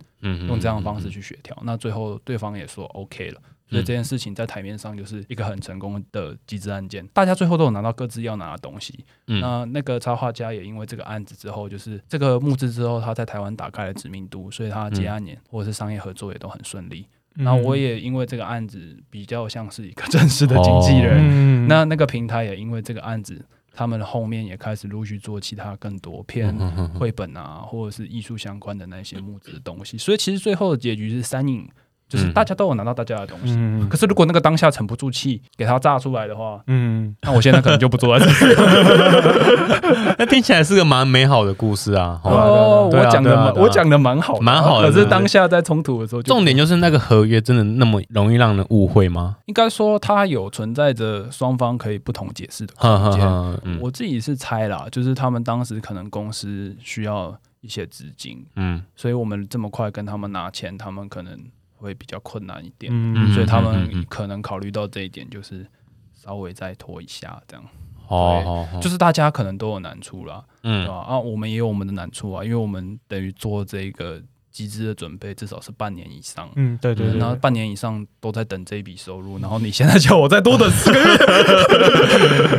用這樣的方式去協調，那最後對方也說 OK 了。所以這件事情在台面上就是一個很成功的集資案件，大家最後都有拿到各自要拿的東西。那那個插畫家也因為這個案子之後，就是這個募資之後，他在台灣打開了知名度，所以他接案也或者是商業合作也都很順利。然後我也因為這個案子比較像是一個正式的經紀人，那那個平台也因為這個案子，他們後面也開始陸續做其他更多篇繪本啊，或者是藝術相關的那些募資的東西。所以其實最後的結局是三贏。就是大家都有拿到大家的東西，嗯、可是如果那個當下沉不住氣，給他炸出來的話，嗯，嗯那我現在可能就不坐在這裡。 那聽起來是個蠻美好的故事啊！哦，我講的、啊，我講的蠻好，蠻好的。可是當下在衝突的時候，重點就是那個合約真的那麼容易讓人誤會嗎？應該說它有存在着雙方可以不同解釋的空間。嗯、我自己是猜啦，就是他們當時可能公司需要一些資金，嗯，所以我們這麼快跟他們拿錢，他們可能。會比較困難一點，嗯、所以他們可能考慮到這一點，就是稍微再拖一下這樣。哦，對哦，就是大家可能都有難處了，嗯、對吧？啊，我們也有我們的難處啊，因為我們等於做這個。集資的準備至少是半年以上。嗯，對對，對，對、嗯，然後半年以上都在等這一筆收入，然後你現在叫我再多等四個月，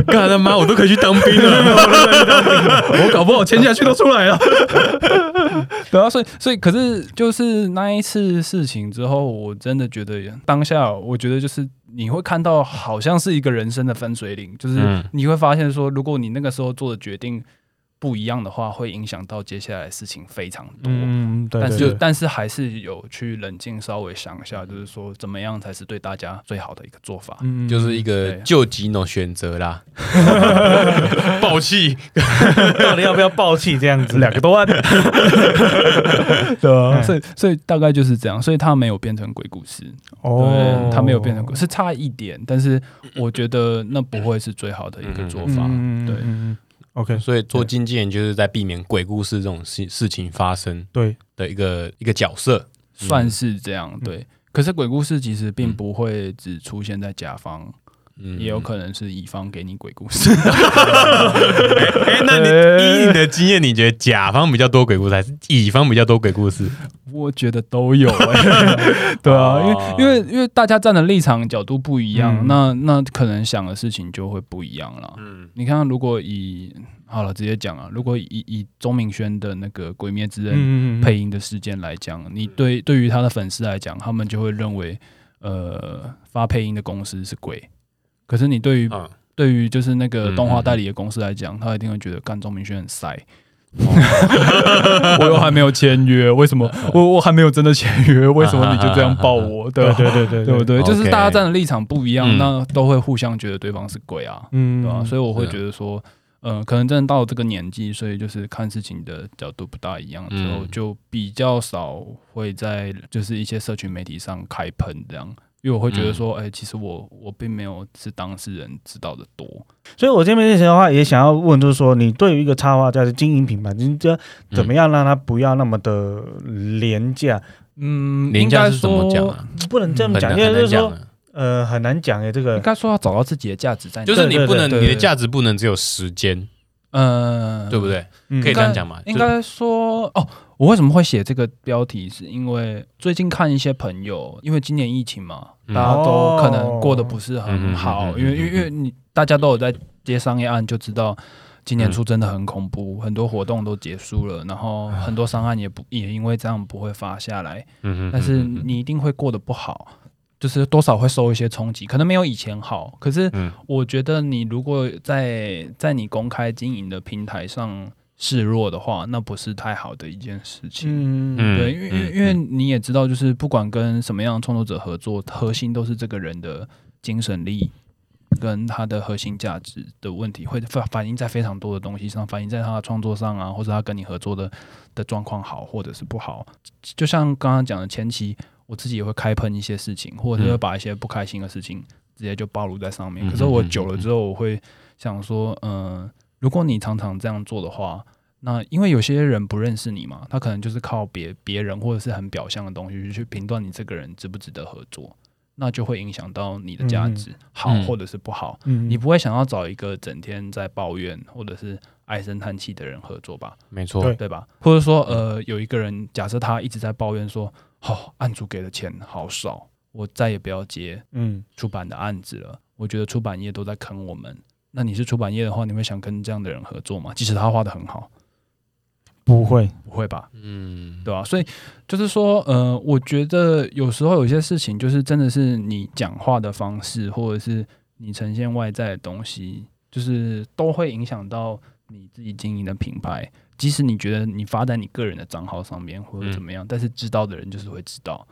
幹他媽，我都可以去當兵了、啊，我搞不好簽下去都出來了。然後，所以，所以，可是，就是那一次事情之後，我真的覺得當下，我覺得就是你會看到，好像是一個人生的分水嶺，就是你會發現說，如果你那個時候做的決定。不一樣的話，會影響到接下來事情非常多。嗯，對對對，但是，但是還是有去冷靜稍微想一下，就是說怎麼樣才是對大家最好的一個做法，嗯、就是一個救急的選擇啦。爆氣到底要不要爆氣這樣子 兩個多萬。 對，嗯、所以所以大概就是這樣，所以它沒有變成鬼故事哦，它沒有變成鬼是差一點，但是我覺得那不會是最好的一個做法，嗯、對。OK，所以做經紀人就是在避免鬼故事這種事事情發生，對的一個一個角色對，算是這樣。嗯、對，可是鬼故事其實並不會只出現在甲方。也有可能是乙方給你鬼故事。哎，那你以你的經驗，你覺得甲方比較多鬼故事，還是乙方比較多鬼故事？我覺得都有、欸。 對啊，哦、因為因為因為大家站的立場角度不一樣，嗯、那那可能想的事情就會不一樣了。嗯、你看如，如果以好了直接講啊，如果以以鍾明軒的那個《鬼滅之刃》配音的事件來講，嗯嗯你對對於他的粉絲來講，他們就會認為，呃，發配音的公司是鬼。可是你對於對於就是那個動畫代理的公司來講，他一定會覺得幹鍾明軒很塞。我又還沒有簽約，為什麼我我還沒有真的簽約，為什麼你就這樣抱我？對對對對對不對？就是大家站的立場不一樣，那都會互相覺得對方是鬼啊，對吧？所以我會覺得說，嗯，可能真的到了這個年紀，所以就是看事情的角度不大一樣之後，就比較少會在就是一些社群媒體上開噴這樣。因為我會覺得說，哎，其實我我並沒有是當事人知道的多，所以，我這邊認識的話也想要問，就是說，你對於一個插畫家的經營品牌，你覺得怎麼樣讓他不要那麼的廉價？嗯，廉價是怎麼講啊？不能這麼講，因為就是說，呃，很難講哎，這個應該說要找到自己的價值在哪裡，就是你不能，你的價值不能只有時間，嗯，對不對？可以這樣講嗎？應該說，哦我為什麼會寫這個標題？是因為最近看一些朋友，因為今年疫情嘛，大家都可能過得不是很好。因為，因為你，你大家都有在接商業案，就知道今年初真的很恐怖，嗯、很多活動都結束了，然後很多商案也不也因為這樣不會發下來。嗯嗯嗯嗯、但是你一定會過得不好，就是多少會受一些衝擊，可能沒有以前好。可是我覺得，你如果在在你公開經營的平台上。示弱的話，那不是太好的一件事情。嗯，對，因為、嗯嗯、因為你也知道，就是不管跟什麼樣的創作者合作，核心都是這個人的精神力跟他的核心價值的問題，會反反映在非常多的東西上，反映在他的創作上啊，或者他跟你合作的的狀況好或者是不好。就像剛剛講的，前期我自己也會開噴一些事情，或者是會把一些不開心的事情直接就暴露在上面。嗯、可是我久了之後，我會想說，嗯、呃。如果你常常這樣做的話，那因為有些人不認識你嘛，他可能就是靠別別人或者是很表象的東西去評斷你這個人值不值得合作，那就會影響到你的價值、嗯、好或者是不好。嗯、你不會想要找一個整天在抱怨或者是唉聲嘆氣的人合作吧？沒錯，對吧？對。或者說，呃，有一個人假設他一直在抱怨說：“好、哦，案主給的錢好少，我再也不要接嗯出版的案子了。嗯”我覺得出版業都在坑我們。那你是出版業的話，你會想跟這樣的人合作嗎？即使他畫得很好、嗯，不會，不會吧？嗯，對吧、啊？所以就是說，呃，我覺得有時候有些事情，就是真的是你講話的方式，或者是你呈現外在的東西，就是都會影響到你自己經營的品牌。即使你覺得你發在你個人的賬號上面或者怎麼樣，嗯嗯，但是知道的人就是會知道。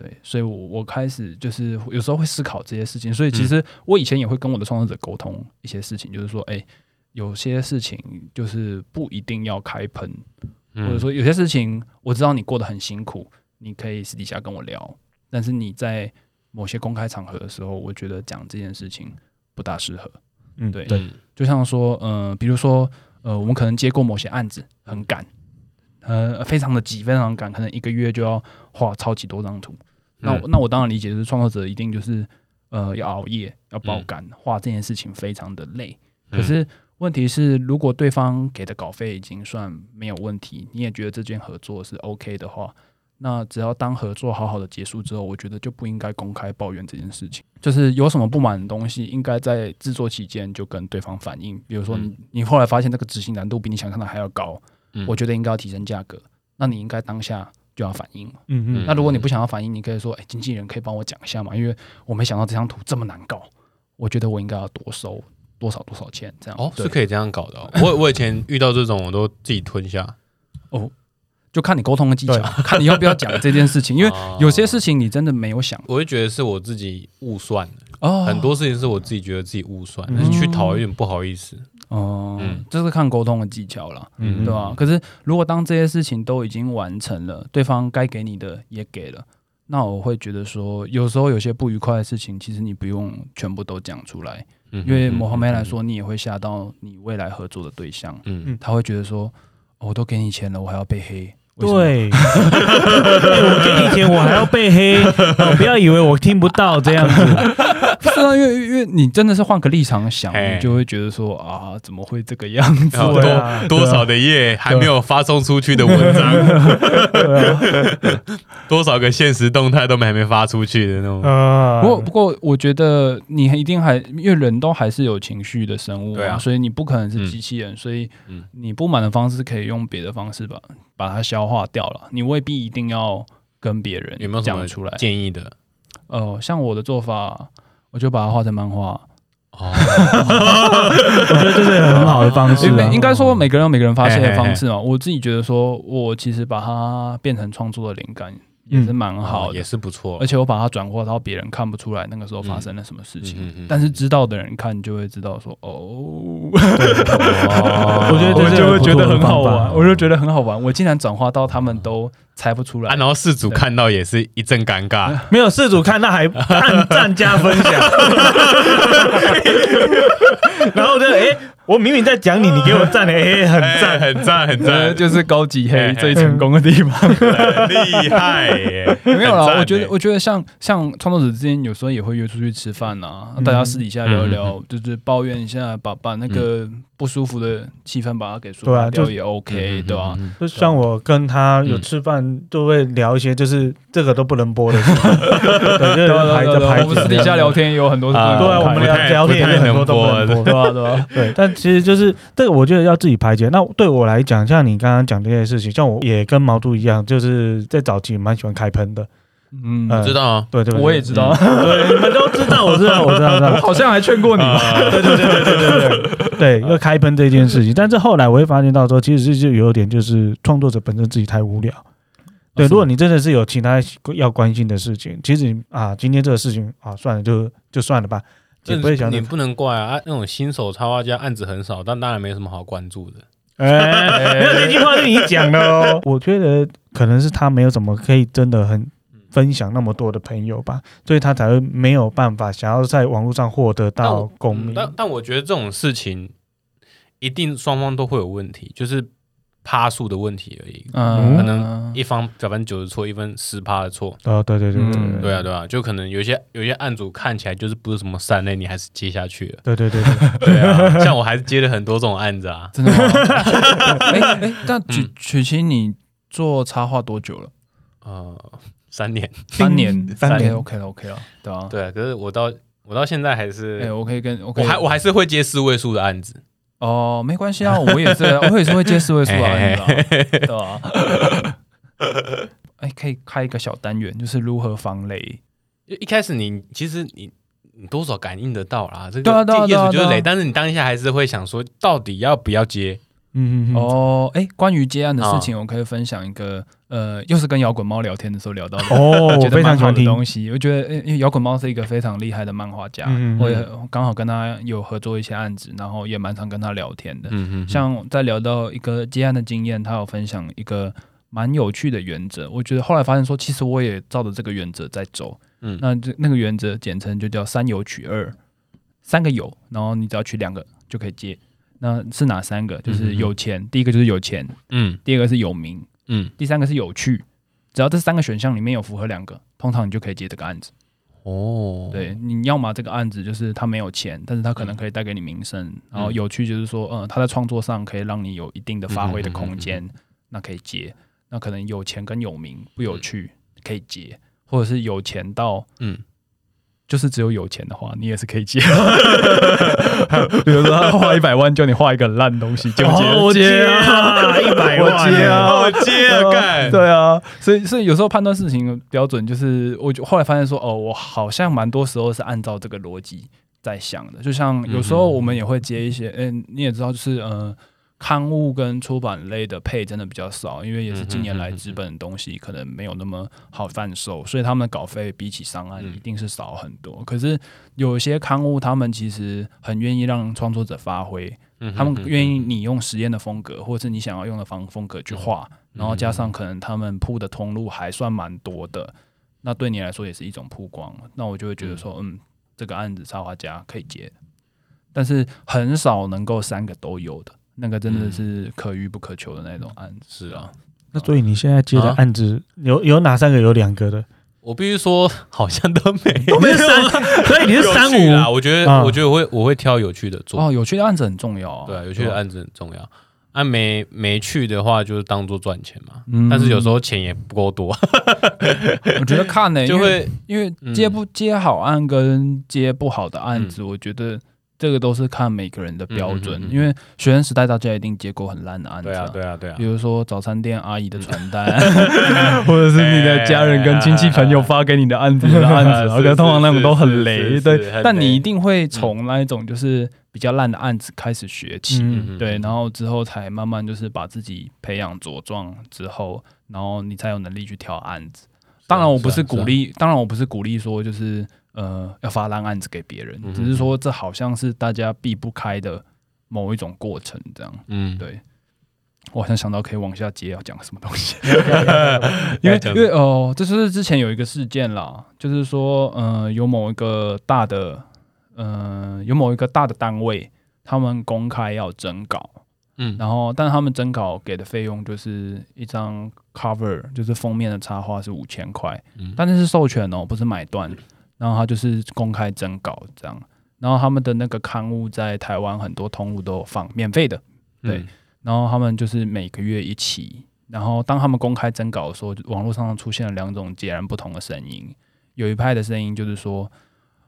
對，所以我，我我開始就是有時候會思考這些事情。所以，其實我以前也會跟我的創作者溝通一些事情，嗯、就是說，誒、欸，有些事情就是不一定要開噴，嗯、或者說有些事情我知道你過得很辛苦，你可以私底下跟我聊。但是你在某些公開場合的時候，我覺得講這件事情不大適合。嗯，對，對就像說，呃，比如說，呃，我們可能接過某些案子很趕，呃，非常的急，非常的趕，可能一個月就要畫超級多張圖。那我，那我當然理解，就是創作者一定就是，呃，要熬夜，要爆肝，畫這件事情非常的累。嗯嗯、可是問題是，如果對方給的稿費已經算沒有問題，你也覺得這件合作是 OK 的話，那只要當合作好好的結束之後，我覺得就不應該公開抱怨這件事情。就是有什麼不滿的東西，應該在製作期間就跟對方反映。比如說你你後來發現這個執行難度比你想象的還要高，我覺得應該要提升價格，那你應該當下。就要反應了，嗯嗯哼。那如果你不想要反應，你可以說：“哎、欸，經紀人可以幫我講一下嗎？因為我沒想到這張圖這麼難搞，我覺得我應該要多收多少多少錢。”這樣哦，是可以這樣搞的、哦。 我我以前遇到這種，我都自己吞下。哦，就看你溝通的技巧，啊、看你要不要講這件事情。 因為有些事情你真的沒有想過，我會覺得是我自己誤算的。哦，很多事情是我自己覺得自己誤算，嗯、去討有點不好意思。哦，這是看溝通的技巧啦，對吧？可是如果當這些事情都已經完成了，對方該給你的也給了，那我會覺得說，有時候有些不愉快的事情，其實你不用全部都講出來，因為某方面來說，你也會嚇到你未來合作的對象，他會覺得說，我都給你錢了，我還要被黑？對，我給你錢，我還要被黑？不要以為我聽不到這樣子。 是啊，因為因為你真的是換個立場想，嘿你就會覺得說，啊，怎麼會這個樣子？哦、啊、多多少的頁還沒有發送出去的文章，多少個現實動態都沒還沒發出去的那種。不過、啊、不過，不過我覺得你一定還因為人都還是有情緒的生物啊，啊所以你不可能是機器人，嗯、所以你不滿的方式可以用別的方式把，把它消化掉了。你未必一定要跟別人有沒有講得出來建議的。哦、呃，像我的做法。我就把它畫成漫畫，我覺得這是很好的方式。應該說每個人有每個人發洩的方式嘛。我自己覺得說，我其實把它變成創作的靈感也是蠻好，也是不錯。而且我把它轉化到別人看不出來那個時候發生了什麼事情，但是知道的人看就會知道說哦，我覺得就會覺得很好玩。我就覺得很好玩，我竟然轉化到他們都。猜不出來，啊，然後事主看到也是一陣尷尬，沒有事主看到還按讚加分享， 然後就誒。欸我明明在講你，你給我贊的，哎，很贊，很贊，很贊，就是高級黑最成功的地方，厲害。沒有啦，我覺得，我覺得像像創作者之間有時候也會約出去吃飯吶，大家私底下聊一聊，就是抱怨一下把把那個不舒服的氣氛把它給說掉也 OK，對吧？就像我跟他有吃飯，都會聊一些就是這個都不能播的，對對對對。我們私底下聊天有很多啊，對啊，我們聊聊天也很多，對吧對吧？對，但。其實就是這個，我覺得要自己排解。那對我來講，像你剛剛講這件事情，像我也跟毛豬一樣，就是在早期蠻喜歡開噴的。嗯，呃、我知道、啊，對對，我也知道，嗯、對，對你們都知道，我知道，我知道，我知道。 我好像還勸過你吧？啊啊、 對對對對對對對， 對，因為開噴這件事情。但是後來我會發現到說，其實是就有點就是創作者本身自己太無聊。對，啊、是 如果你真的是有其他要關心的事情，其實啊，今天這個事情啊，算了，就就算了吧。就你不能怪啊。啊那種新手插畫家案子很少，但當然沒什麼好關注的。那那、欸欸、 句話是你講的哦。 我覺得可能是他沒有什麼可以真的很分享那麼多的朋友吧，所以他才會沒有辦法想要在網絡上獲得到共鳴、嗯。但但我覺得這種事情一定雙方都會有問題，就是。趴數的問題而已，可能一方百分之九十錯，一分十趴的錯。啊，對對對對，對啊對啊，就可能有些有些案組看起來就是不是什麼善類，你還是接下去了。對對對對，對啊，像我還是接了很多這種案子啊。真的嗎？哎哎，但曲曲奇，你做插畫多久了？啊，三年，三年，三年，OK 了，OK 了，對啊，對啊。可是我到我到現在還是，哎，我可以跟，我還我還是會接四位數的案子。哦，沒關係啊，我也是， 我也是會接四位數啊，對吧、啊 欸？可以開一個小單元，就是如何防雷。一開始你其實你多少感應得到啦，這個業主就是雷，但是你當下還是會想說，到底要不要接？ 嗯嗯嗯。哦，哎、欸，關於接案的事情，嗯、我可以分享一個。呃，又是跟搖滾貓聊天的時候聊到的哦， 覺得蠻好的，我非常喜歡聽東西。我覺得，因為搖滾貓是一個非常厲害的漫畫家，嗯、哼我剛好跟他有合作一些案子，然後也蠻常跟他聊天的。嗯哼像在聊到一個接案的經驗，他有分享一個蠻有趣的原則，我覺得後來發現說，其實我也照着這個原則在走。嗯，那那個原則簡稱就叫三有取二，三個有，然後你只要取兩個就可以接。那是哪三個？就是有錢，嗯、哼第一個就是有錢，嗯，第二個是有名。嗯，第三個是有趣，只要這三個選項裡面有符合兩個，通常你就可以接這個案子。哦，對，你要嘛這個案子就是他沒有錢，但是他可能可以帶給你名聲，嗯、然後有趣就是說，嗯、呃，他在創作上可以讓你有一定的發揮的空間，那可以接。那可能有錢跟有名不有趣是可以接，或者是有錢到嗯。就是只有有錢的話，你也是可以接。 比如說他花一百萬，叫你畫一個爛東西，接不接？我接啊，一百萬 我接啊，我接啊。對啊，所以所以有時候判斷事情的標準就是，我就後來發現說，哦、呃，我好像蠻多時候是按照這個邏輯在想的。就像有時候我們也會接一些，嗯、欸，你也知道，就是嗯。呃刊物跟出版類的配真的比較少，因為也是近年來資本的東西、嗯、哼哼哼可能沒有那麼好販售，所以他們的稿費比起商案一定是少很多。嗯、可是有些刊物，他們其實很願意讓創作者發揮，嗯、哼哼他們願意你用實驗的風格，或是你想要用的方風格去畫，嗯、然後加上可能他們鋪的通路還算蠻多的，那對你來說也是一種曝光。那我就會覺得說，嗯、嗯，這個案子插畫家可以接，但是很少能夠三個都有的。那個真的是可遇不可求的那種案子。是啊！那所以你現在接的案子有有哪三個？有兩個的，我必須說好像都沒，你是三，所以你是三五啊？我覺得，我覺得會我會挑有趣的做。哦，有趣的案子很重要啊！對，有趣的案子很重要。按沒沒去的話就是當做賺錢嘛。但是有時候錢也不夠多，我覺得看呢，就會因為接不接好案跟接不好的案子，我覺得。這個都是看每個人的標準，嗯、哼哼，因為學生時代大家一定接過很爛的案子。啊，對啊，對啊，對啊。比如說早餐店阿姨的傳單，嗯、 或者是你的家人跟親戚朋友發給你的案子，案子，通常那種都很雷，對。但你一定會從那一種就是比較爛的案子開始學起，嗯、哼對，然後之後才慢慢就是把自己培養茁壯之後，然後你才有能力去挑案子。啊啊啊、當然我不是鼓勵，啊、當然我不是鼓勵說就是。呃，要發爛案子給別人，嗯、哼只是說這好像是大家避不開的某一種過程，這樣。嗯，對。我好像想到可以往下接要講什麼東西 因，因為因為哦，這是之前有一個事件啦，就是說，呃，有某一個大的，嗯、呃，有某一個大的單位，他們公開要徵稿，嗯，然後但他們徵稿給的費用就是一張 cover，就是封面的插畫是五千塊，嗯，但是是授權哦、喔，不是買斷。嗯然後他就是公開徵稿這樣，然後他們的那個刊物在台灣很多通路都有放免費的，對。嗯、然後他們就是每個月一期。然後當他們公開徵稿的時候，網絡上出現了兩種截然不同的聲音。有一派的聲音就是說：“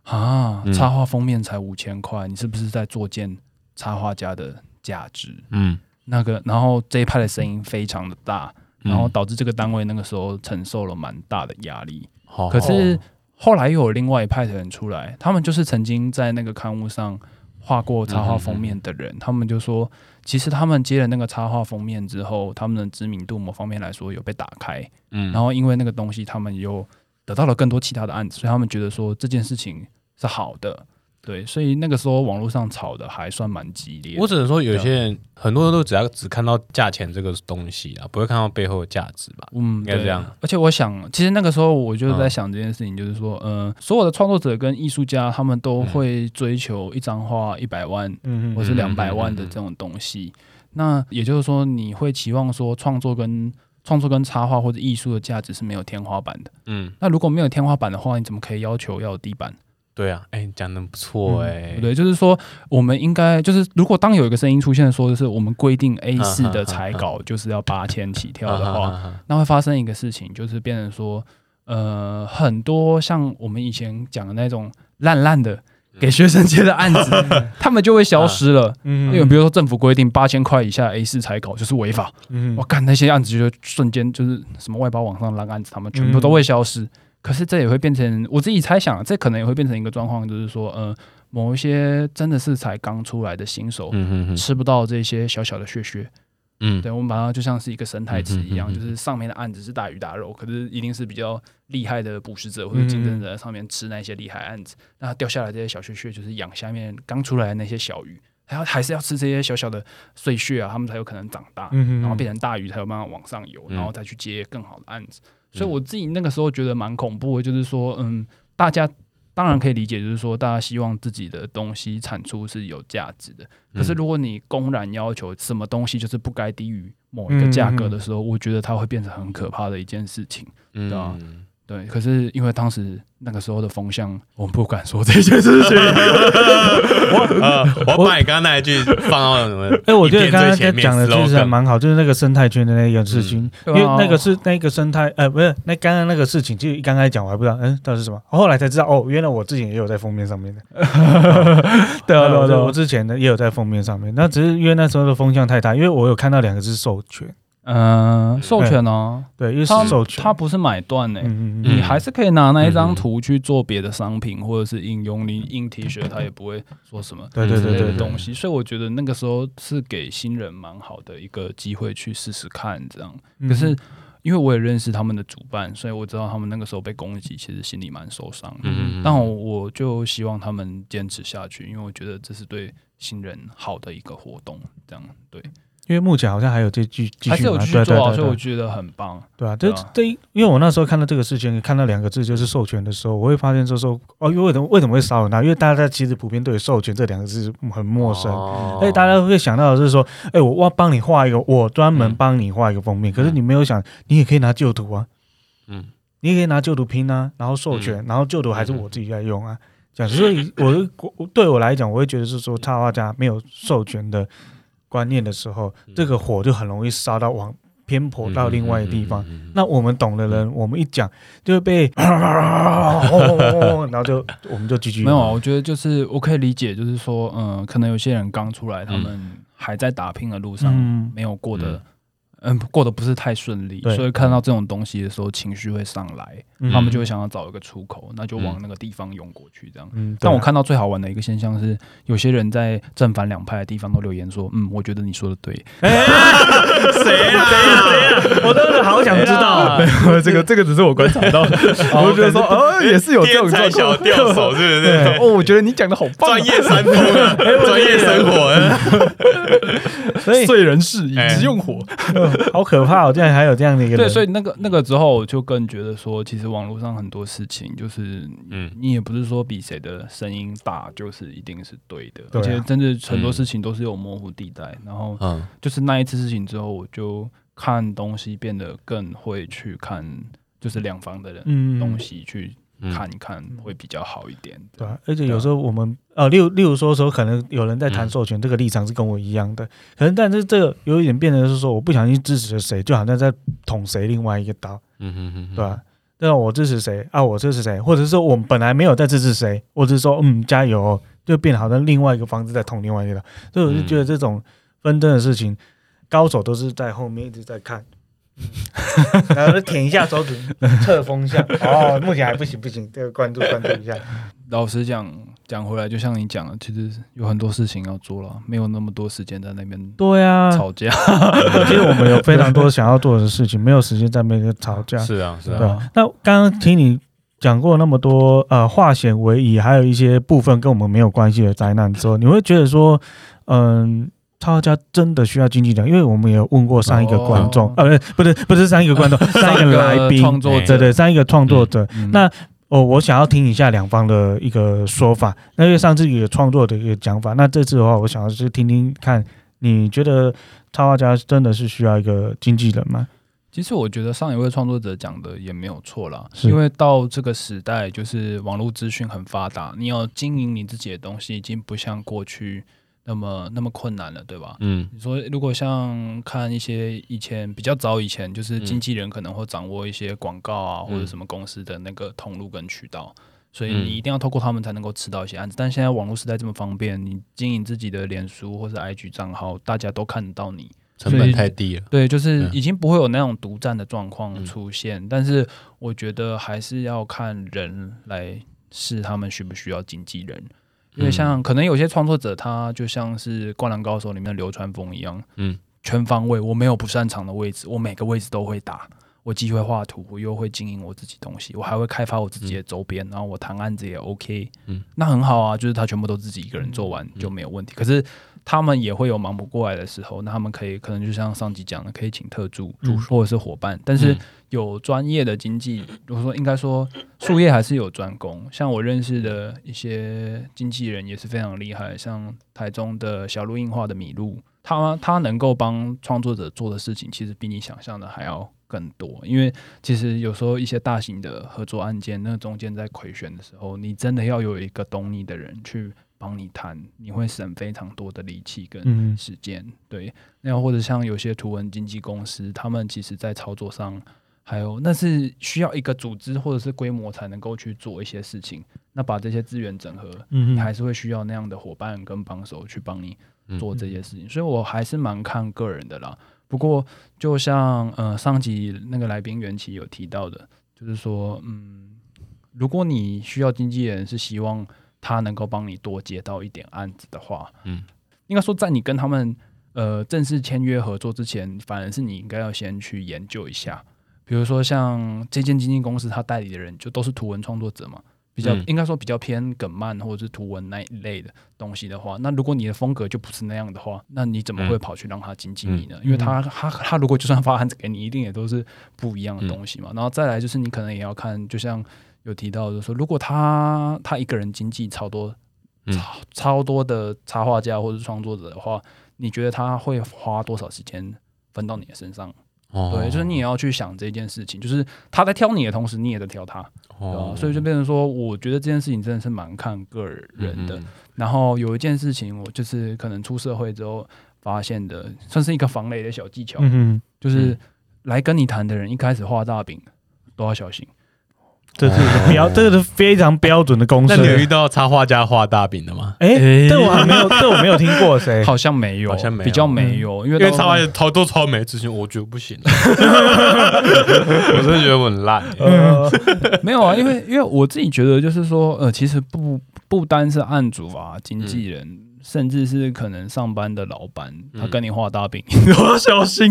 啊，插畫封面才五千塊，嗯、你是不是在作賤插畫家的價值？”嗯，那個，然後這一派的聲音非常的大，然後導致這個單位那個時候承受了蠻大的壓力。哦、可是。後來又有另外一派的人出來，他們就是曾經在那個刊物上畫過插畫封面的人。嗯、嘿嘿，他們就說，其實他們接了那個插畫封面之後，他們的知名度某方面來說有被打開，嗯，然後因為那個東西，他們又得到了更多其他的案子，所以他們覺得說這件事情是好的。對，所以那個時候網絡上炒的還算蠻激烈的。我只能說，有些人很多人都只要只看到價錢這個東西啊，嗯、不會看到背後的價值吧？嗯，應該這樣。而且我想，其實那個時候我就是在想這件事情，就是說，嗯、呃，所有的創作者跟藝術家，他們都會追求一張畫一百萬，嗯，或是兩百萬的這種東西。那也就是說，你會期望說創作跟創作跟插畫或者藝術的價值是沒有天花板的？嗯，那如果沒有天花板的話，你怎麼可以要求要有地板？對啊，哎、欸，講得，不錯哎、欸，嗯，對，就是說，我們應該就是，如果當有一個聲音出現，說就是我們規定 A 四的彩稿就是要八千起跳的話，那會發生一個事情，就是變成說，呃，很多像我們以前講的那種爛爛的給學生接的案子， 他們就會消失了。啊，嗯、因為比如說政府規定八千塊以下 A 四彩稿就是違法，我、嗯、幹那些案子就瞬間就是什麼外包網上爛案子，他們全部都會消失。嗯可是這也會變成我自己猜想，這可能也會變成一個狀況，就是說，嗯、呃，某一些真的是才剛出來的新手，嗯、哼哼吃不到這些小小的屑屑，嗯，對，我們把它就像是一個生態池一樣，嗯、哼哼哼就是上面的案子是大魚大肉，可是一定是比較厲害的捕食者或者競爭者在上面吃那些厲害案子，嗯、那掉下來的這些小屑屑就是養下面剛出來的那些小魚，還要，還是要吃這些小小的碎屑啊，他們才有可能長大，嗯、哼哼然後變成大魚才有辦法往上游，嗯、哼哼然後再去接更好的案子。所以我自己那個時候覺得蠻恐怖的，就是說，嗯，大家當然可以理解，就是說，大家希望自己的東西產出是有價值的。可是，如果你公然要求什麼東西就是不該低於某一個價格的時候，我覺得它會變成很可怕的一件事情，嗯對，可是因為當時那個時候的風向，我們不敢說這些事情。 我把、呃、你剛剛那一句放到什麼？哎我、欸，我覺得剛剛在講的就是還蠻好，就是那個生態圈的那件事情，嗯、因為那個是那個生態，呃，不是那剛剛那個事情，就剛開始講我還不知道，嗯，到底是什麼，後來才知道哦，原來我之前也有在封面上面的。 對啊，對啊，對啊對啊 我之前的也有在封面上面，那只是因為那時候的風向太大，因為我有看到兩個字授權。嗯、呃，授權哦，對，授權他，他不是買斷呢？欸，嗯嗯嗯，你還是可以拿那一張圖去做別的商品，嗯嗯嗯，或者是應用，你印 T 恤，用 T 恤他也不會說什麼，對對對之類的東西，對對對對對，所以我覺得那個時候是給新人蠻好的一個機會去試試看這樣。嗯嗯，可是因為我也認識他們的主辦，所以我知道他們那個時候被攻擊，其實心裡蠻受傷的。嗯、嗯、嗯、嗯，但我我就希望他們堅持下去，因為我覺得這是對新人好的一個活動，這樣對。因為目前好像還有這句繼續啊，還是有句對對對，對，所以我覺得很棒，對啊，這這因為我那時候看到這個事情，看到兩個字就是“授權”的時候，我會發現就是說，哦，為什麼為什麼會少人呢、啊、因為大家其實普遍對“授權”這兩個字很陌生，所以哇、哦、大家會想到的是說，哎、欸，我我幫你畫一個，我專門幫你畫一個封面，嗯、可是你沒有想，你也可以拿舊圖啊，嗯，你也可以拿舊圖拼啊，然後授權，嗯、然後舊圖還是我自己在用啊。假設我對我來講，我會覺得是說，插畫家沒有授權的。觀念的時候，這個火就很容易燒到往偏頗到另外的地方。那我們懂的人，我們一講就會被、啊啊、哦哦，然後就 我們就繼續，沒有啊，我覺得就是我可以理解，就是說，嗯，可能有些人剛出來，他們還在打拼的路上，嗯、沒有過的。嗯嗯，過得不是太順利，所以看到這種東西的時候，情緒會上來，他們就會想要找一個出口，那就往那個地方湧過去，這樣。但我看到最好玩的一個現象是，有些人在正反兩派的地方都留言說：“嗯，我覺得你說的對。”誰呀？誰呀？我都好想知道，這個這個只是我觀察到的，我覺得說哦也是有這種現象。天才小釣手是不是？哦，我覺得你講的好棒。專業生活，專業生火，所以人是用火。 好可怕、哦！我竟然還有這樣的一個人。對，所以那個那個之後，我就更覺得說，其實網絡上很多事情，就是嗯，你也不是說比誰的聲音大就是一定是對的，對啊、而且真的很多事情都是有模糊地帶。嗯、然後，嗯，就是那一次事情之後，我就看東西變得更會去看，就是兩方的人東西去。嗯、看一看會比較好一點，對吧、嗯啊？而且有時候我們啊、呃，例如例如說的時候，可能有人在談授權，這個立場是跟我一樣的，可能、嗯、但是這個有一點變成是說，我不想去支持誰，就好像在捅誰另外一個刀，嗯嗯嗯，對吧、啊？那我支持誰啊？我支持誰？或者是我們本來沒有在支持誰，我只是說嗯加油、哦，就變好像另外一個方式在捅另外一個刀。所以我就覺得這種紛爭的事情，高手都是在後面一直在看。 嗯、然後舔一下手指，測 風向。 哦，目前還不行，不行，這個關注關注一下。老實講，講回來，就像你講了，其實有很多事情要做了，沒有那麼多時間在那邊對呀吵架，啊。 其實我們有非常多想要做的事情，沒有時間在那邊吵架。 是啊，是啊。那剛剛聽你講過那麼多，呃，化險為夷，還有一些部分跟我們沒有關係的災難之後，你會覺得說，嗯。插畫家真的需要經紀人，因為我們也問過上一個觀眾，呃，不對，不對，不是上一個觀眾，上 一個來賓，創作者。對，上一個創作者。那哦，我想要聽一下兩方的一個說法。那因為上次有創作的一個講法，那這次的話，我想要是聽聽看，你覺得插畫家真的是需要一個經紀人嗎？其實我覺得上一位創作者講的也沒有錯啦，是因為到這個時代，就是網絡資訊很發達，你要經營你自己的東西，已經不像過去。那麼那麼困難了，對吧？嗯，你說如果像看一些以前比較早以前，就是經紀人可能會掌握一些廣告啊、嗯、或者什麼公司的那個通路跟渠道，所以你一定要透過他們才能夠吃到一些案子。嗯、但現在網絡時代這麼方便，你經營自己的臉書或者 IG 賬號，大家都看得到你，成本太低了。對，就是已經不會有那種獨占的狀況出現，嗯、但是我覺得還是要看人來試，他們需不需要經紀人。因為像可能有些創作者，他就像是《灌籃高手》裡面的流川楓一樣，嗯，全方位，我沒有不擅長的位置，我每個位置都會打，我既會畫圖，我又會經營我自己東西，我還會開發我自己的周邊，嗯、然後我談案子也 OK，嗯，那很好啊，就是他全部都自己一個人做完就沒有問題。嗯、可是他們也會有忙不過來的時候，那他們可以可能就像上集講的，可以請特助、助手、嗯、或者是夥伴，但是。嗯有專業的經紀，比如、就是、說應該說，術業還是有專攻。像我認識的一些經紀人也是非常厲害，像台中的小路映畫的迷路，他他能夠幫創作者做的事情，其實比你想象的還要更多。因為其實有時候一些大型的合作案件，那中間在虧旋的時候，你真的要有一個懂你的人去幫你談，你會省非常多的力氣跟時間。嗯嗯對，那樣或者像有些圖文經紀公司，他們其實在操作上。還有，那是需要一個組織或者是規模才能夠去做一些事情，那把這些資源整合，嗯、哼你還是會需要那樣的夥伴跟幫手去幫你做這些事情。嗯、哼所以我還是蠻看個人的啦。不過，就像呃上集那個來賓袁奇有提到的，就是說，嗯，如果你需要經紀人，是希望他能夠幫你多接到一點案子的話，嗯，應該說在你跟他們呃正式簽約合作之前，反而是你應該要先去研究一下。比如說像這間經紀公司，他代理的人就都是圖文創作者嘛，比較應該說比較偏梗漫或者是圖文那一類的東西的話，那如果你的風格就不是那樣的話，那你怎麼會跑去讓他經紀你呢？嗯嗯、因為他他他如果就算發案子給你，一定也都是不一樣的東西嘛。然後再來就是你可能也要看，就像有提到就是說，如果他他一個人經紀超多超超多的插畫家或者是創作者的話，你覺得他會花多少時間分到你的身上？哦、對，就是你也要去想這件事情，就是他在挑你的同時，你也在挑他。哦、所以就變成說，我覺得這件事情真的是蠻看個人的。嗯、哼然後有一件事情，我就是可能出社會之後發現的，算是一個防雷的小技巧，嗯、哼就是來跟你談的人一開始畫大餅都要小心。這是個標，這是非常標準的公式、嗯。那有遇到插畫家畫大餅的嗎？哎、欸，這我還沒有，這我沒有聽過，誰好像沒有，好像沒有，比較沒有，因為因為插畫也超都超沒自信，我覺得不行、啊， 我真是的覺得我很爛。呃、沒有啊，因為因為我自己覺得就是說，呃，其實不不單是案主啊，經紀人。嗯甚至是可能上班的老闆，他跟你畫大餅，你、嗯、 要小心。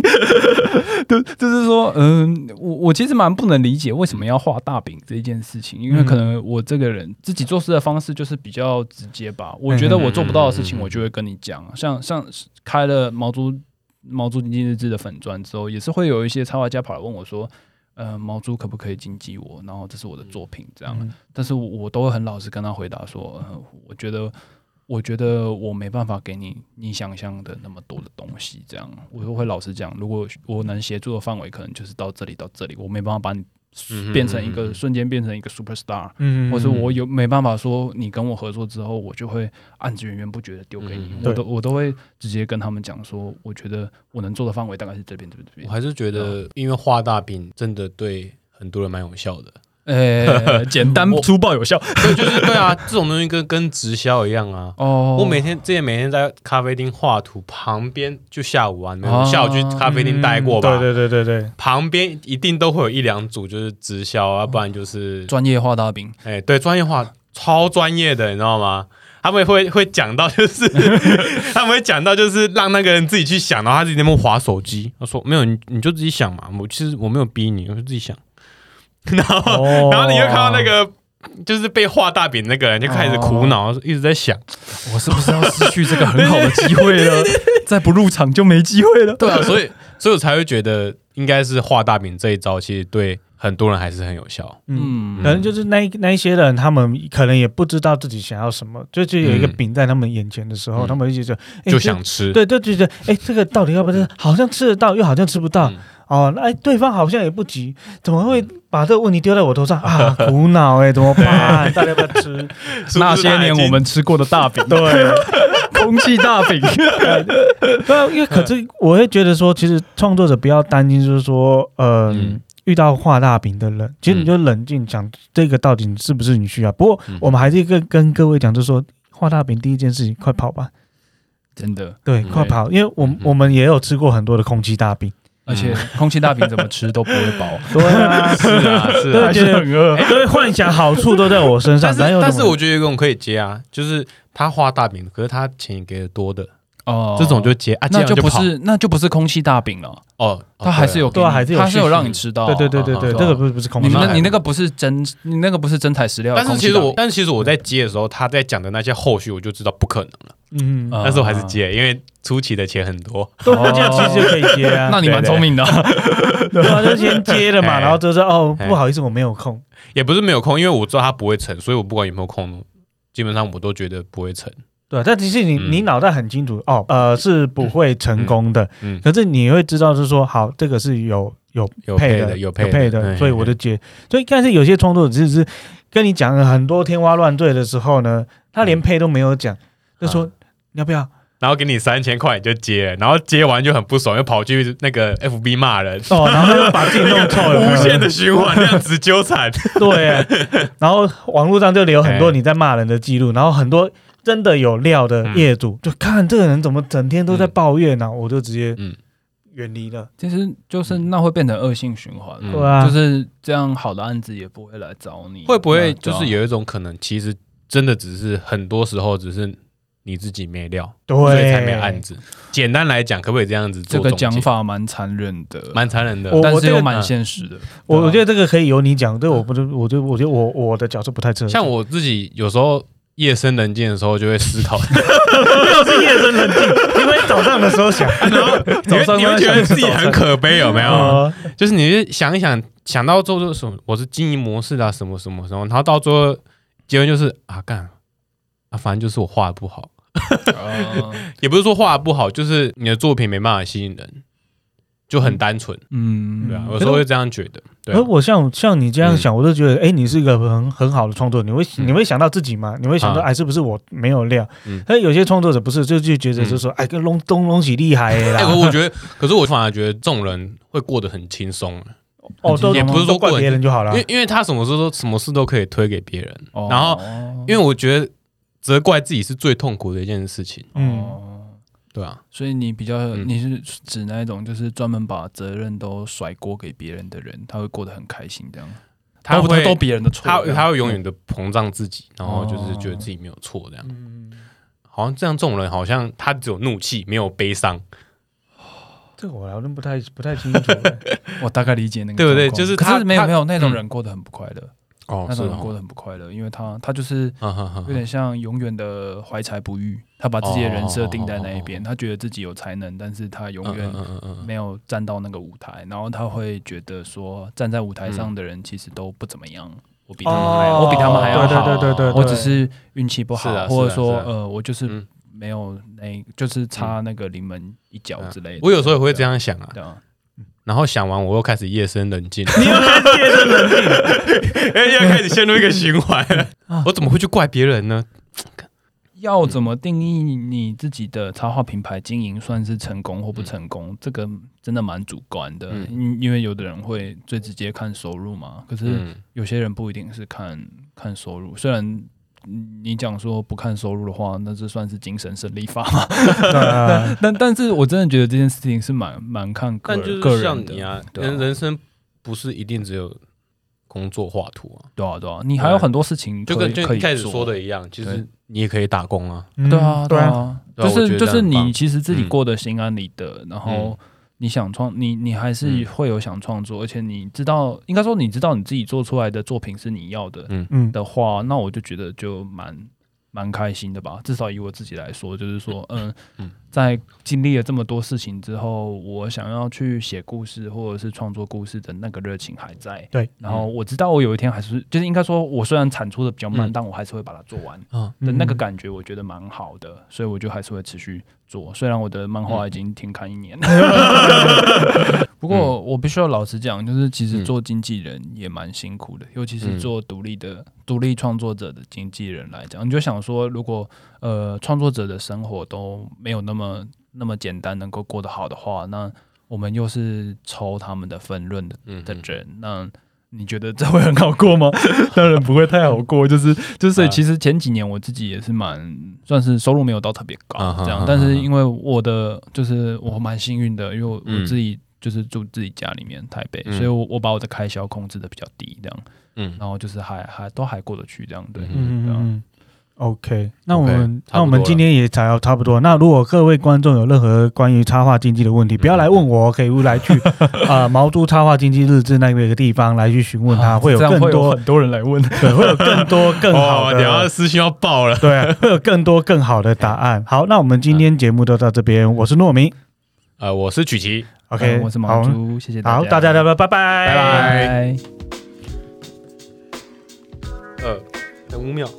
對，就是說，嗯，我我其實蠻不能理解為什麼要畫大餅這一件事情，因為可能我這個人自己做事的方式就是比較直接吧。我覺得我做不到的事情，我就會跟你講。嗯、像像開了毛豬毛豬經紀日誌的粉專之後，也是會有一些插畫家跑來問我說，嗯、呃，毛豬可不可以經紀我？然後這是我的作品這樣。嗯嗯但是我，我都會很老實跟他回答說，呃、我覺得。我覺得我沒辦法給你你想象的那麼多的東西，這樣我都會老實講。如果我能協助的範圍，可能就是到這裡，到這裡，我沒辦法把你變成一個瞬間變成一個 superstar，或者我有沒辦法說你跟我合作之後，我就會案子源源不絕的丟給你。我都我都會直接跟他們講說，我覺得我能做的範圍大概是這邊，這邊，這邊。我還是覺得，因為畫大餅真的對很多人蠻有效的。誒，欸、簡單、哦、粗暴有效，所以就是對啊， 這種東西跟跟直銷一樣啊。哦，我每天之前每天在咖啡廳畫圖旁邊，就下午啊，沒有，哦、下午去咖啡廳待過吧、嗯？對對對對對，旁邊一定都會有一兩組就是直銷，啊，不然就是專、哦、業畫大餅。哎、欸，對，專業畫超專業的，你知道嗎？他們會會講到就是， 他們會講到就是讓那個人自己去想，然後他自己在那滑手機。他說沒有，你你就自己想嘛。我其實我沒有逼你，我就自己想。然後，oh, 然後你又看到那個就是被畫大餅那個人就開始苦惱，oh. 一直在想：我是不是要失去這個很好的機會了？ 對對對對，再不入場就沒機會了。對啊，所以，所以我才會覺得，應該是畫大餅這一招，其實對很多人還是很有效。嗯，嗯，可能就是那那一些人，他們可能也不知道自己想要什麼，就就有一個餅在他們眼前的時候，嗯、他們一直就、欸、就想吃。對，對，對，對，就就覺得，哎，這個到底要不要？好像吃得到，又好像吃不到。嗯哦，那對方好像也不急，怎麼會把這個問題丟在我頭上啊？苦惱欸，怎麼辦？大家在吃那些年我們吃過的大餅，對，空氣大餅。對，因為可是我會覺得說，其實創作者不要擔心，就是說，嗯遇到畫大餅的人，其實你就冷靜講，這個到底是不是你需要？不過我們還是跟跟各位講，就是說，畫大餅第一件事情，快跑吧！真的，對，快跑，因為我我們也有吃過很多的空氣大餅。而且空氣大餅怎麼吃都不會飽。啊，嗯、對啊，是啊，是啊，而且很餓。各位幻想好處都在我身上，但，是 但是我覺得有一種可以接啊，就是他畫大餅，可是他錢給的多的。哦，這種就接啊，那就不是那就不是空氣大餅了。哦，他還是有，對，還是有，他是有讓你知道。對對對對對，這個不是不是空，你那你那個不是真，你那個不是真材實料。但是其實我，但其實我在接的時候，他在講的那些後續，我就知道不可能了。嗯，但是我還是接，因為初期的錢很多，多接其實可以接啊。那你蠻聰明的，我就先接了嘛，然後就說哦，不好意思，我沒有空，也不是沒有空，因為我知道他不會成，所以我不管有沒有空，基本上我都覺得不會成。對，但其實你你腦袋很清楚哦，呃，是不會成功的。可是你會知道，是說好這個是有有有配的，有配的。所以我就接，所以但是有些創作者只是跟你講了很多天花亂墜的時候呢，他連配都沒有講，就說你要不要？然後給你三千塊你就接，然後接完就很不爽，又跑去那個 FB 罵人。哦。然後又把自己弄臭了。無限的循環，那樣子糾纏。對。然後網絡上就有很多你在罵人的記錄，然後很多。真的有料的業主，嗯、就看這個人怎麼整天都在抱怨呢？啊。嗯、我就直接嗯遠離了。其實就是那會變成惡性循環，嗯啊、就是這樣，好的案子也不會來找你。會不會就是有一種可能，其實真的只是很多時候只是你自己沒料，對，所以才沒案子。簡單來講，可不可以這樣子做？這個講法蠻殘忍的，蠻殘忍的，但是又蠻現實的。啊、我覺得這個可以由你講，對我不，我就，我覺得我我的角色不太合適。像我自己有時候。夜深人靜的時候就會思考，哈哈是夜深人靜， 因為早上的時候想， 然後早上你會覺得自己很可悲，有沒有？ 嗯、就是你就想一想，想到做做什麼，我是經營模式啊，什麼什麼什麼，然後到最後結論就是啊幹，啊，啊反正就是我畫得不好， 也不是說畫得不好，就是你的作品沒辦法吸引人，就很單純，嗯，對啊，我都會這樣覺得。而我像像你這樣想，我都覺得，哎，你是一個很很好的創作者，你會你會想到自己嗎？你會想到，哎，是不是我沒有料？哎，有些創作者不是就就覺得，就說，哎，跟龍東龍起厲害啦。哎，我覺得，可是我反而覺得這種人會過得很輕鬆。哦，也不是說怪別人就好了，因因為他什麼時候都什麼事都可以推給別人。然後，因為我覺得責怪自己是最痛苦的一件事情。嗯。對啊，所以你比較，你是指那一種，就是專門把責任都甩鍋給別人的人，他會過得很開心，這樣，他不會都別人的錯，他他會永遠的膨脹自己，然後就是覺得自己沒有錯，這樣，好像這樣這種人，好像他只有怒氣，沒有悲傷，這個我好像不太不太清楚，我大概理解那個，對不對？就是可是沒有沒有那種人過得很不快樂。那時候過得很不快樂，因為他他就是有點像永遠的懷才不遇。他把自己的人設定在那一邊，他覺得自己有才能，但是他永遠沒有站到那個舞台。然後他會覺得說，站在舞台上的人其實都不怎麼樣，我比他們還好，我比他們還要好。對對對對，我只是運氣不好，或者說呃，我就是沒有那，就是差那個臨門一腳之類的。我有時候也會這樣想啊。然後想完，我又開始夜深人靜。你又開始夜深人靜，哎，又開始陷入一個循環了。 啊、我怎麼會去怪別人呢？要怎麼定義你自己的插畫品牌經營算是成功或不成功？嗯、這個真的蠻主觀的，嗯、因為有的人會最直接看收入嘛。可是有些人不一定是看看收入，雖然。你講說不看收入的話，那這算是精神勝利法嗎？但但是我真的覺得這件事情是蠻蠻看個人，就像你啊，人人生不是一定只有工作畫圖啊，對啊對啊，你還有很多事情，就跟一開始說的一樣，其實你也可以打工啊，對啊對啊，就是就是你其實自己過得心安理得，然後。你想創，你你還是會有想創作，嗯、而且你知道，應該說你知道你自己做出來的作品是你要的，嗯嗯的話，那我就覺得就蠻蠻開心的吧？至少以我自己來說，就是說，嗯、呃、在經歷了這麼多事情之後，我想要去寫故事或者是創作故事的那個熱情還在。對，嗯、然後我知道我有一天還是，就是應該說，我雖然產出的比較慢，嗯、但我還是會把它做完，哦、嗯、嗯，的那個感覺，我覺得蠻好的，所以我就還是會持續做。雖然我的漫畫已經停刊一年。嗯 不過我必須要老實講，嗯、就是其實做經紀人也蠻辛苦的，嗯、尤其是做獨立的獨、嗯、立創作者的經紀人來講，你就想說，如果呃創作者的生活都沒有那麼那麼簡單，能夠過得好的話，那我們又是抽他們的分潤的的人，嗯嗯、那你覺得這會很好過嗎？ 當然不會太好過，就是 就是，就是、所以其實前幾年我自己也是蠻算是收入沒有到特別高這樣，啊啊啊啊、但是因為我的就是我蠻幸運的，因為我自己、嗯。就是住自己家裡面，台北，所以我我把我的開銷控制得比較低，這樣，嗯，然後就是還還都還過得去，這樣，對，嗯嗯 OK 那我們那我們今天也才要差不多，那如果各位觀眾有任何關於插畫經紀的問題，不要來問我，可以來去啊毛豬插畫經紀日誌那邊的地方來去詢問他，會有更多很多人來問，對，會有更多更好的，等下私信要爆了，對，會有更多更好的答案。好，那我們今天節目就到這邊，我是諾米。呃，我是曲奇，OK，嗯，我是毛豬，好，謝謝大家，好，大家拜拜拜，拜拜，拜拜，呃，等五秒。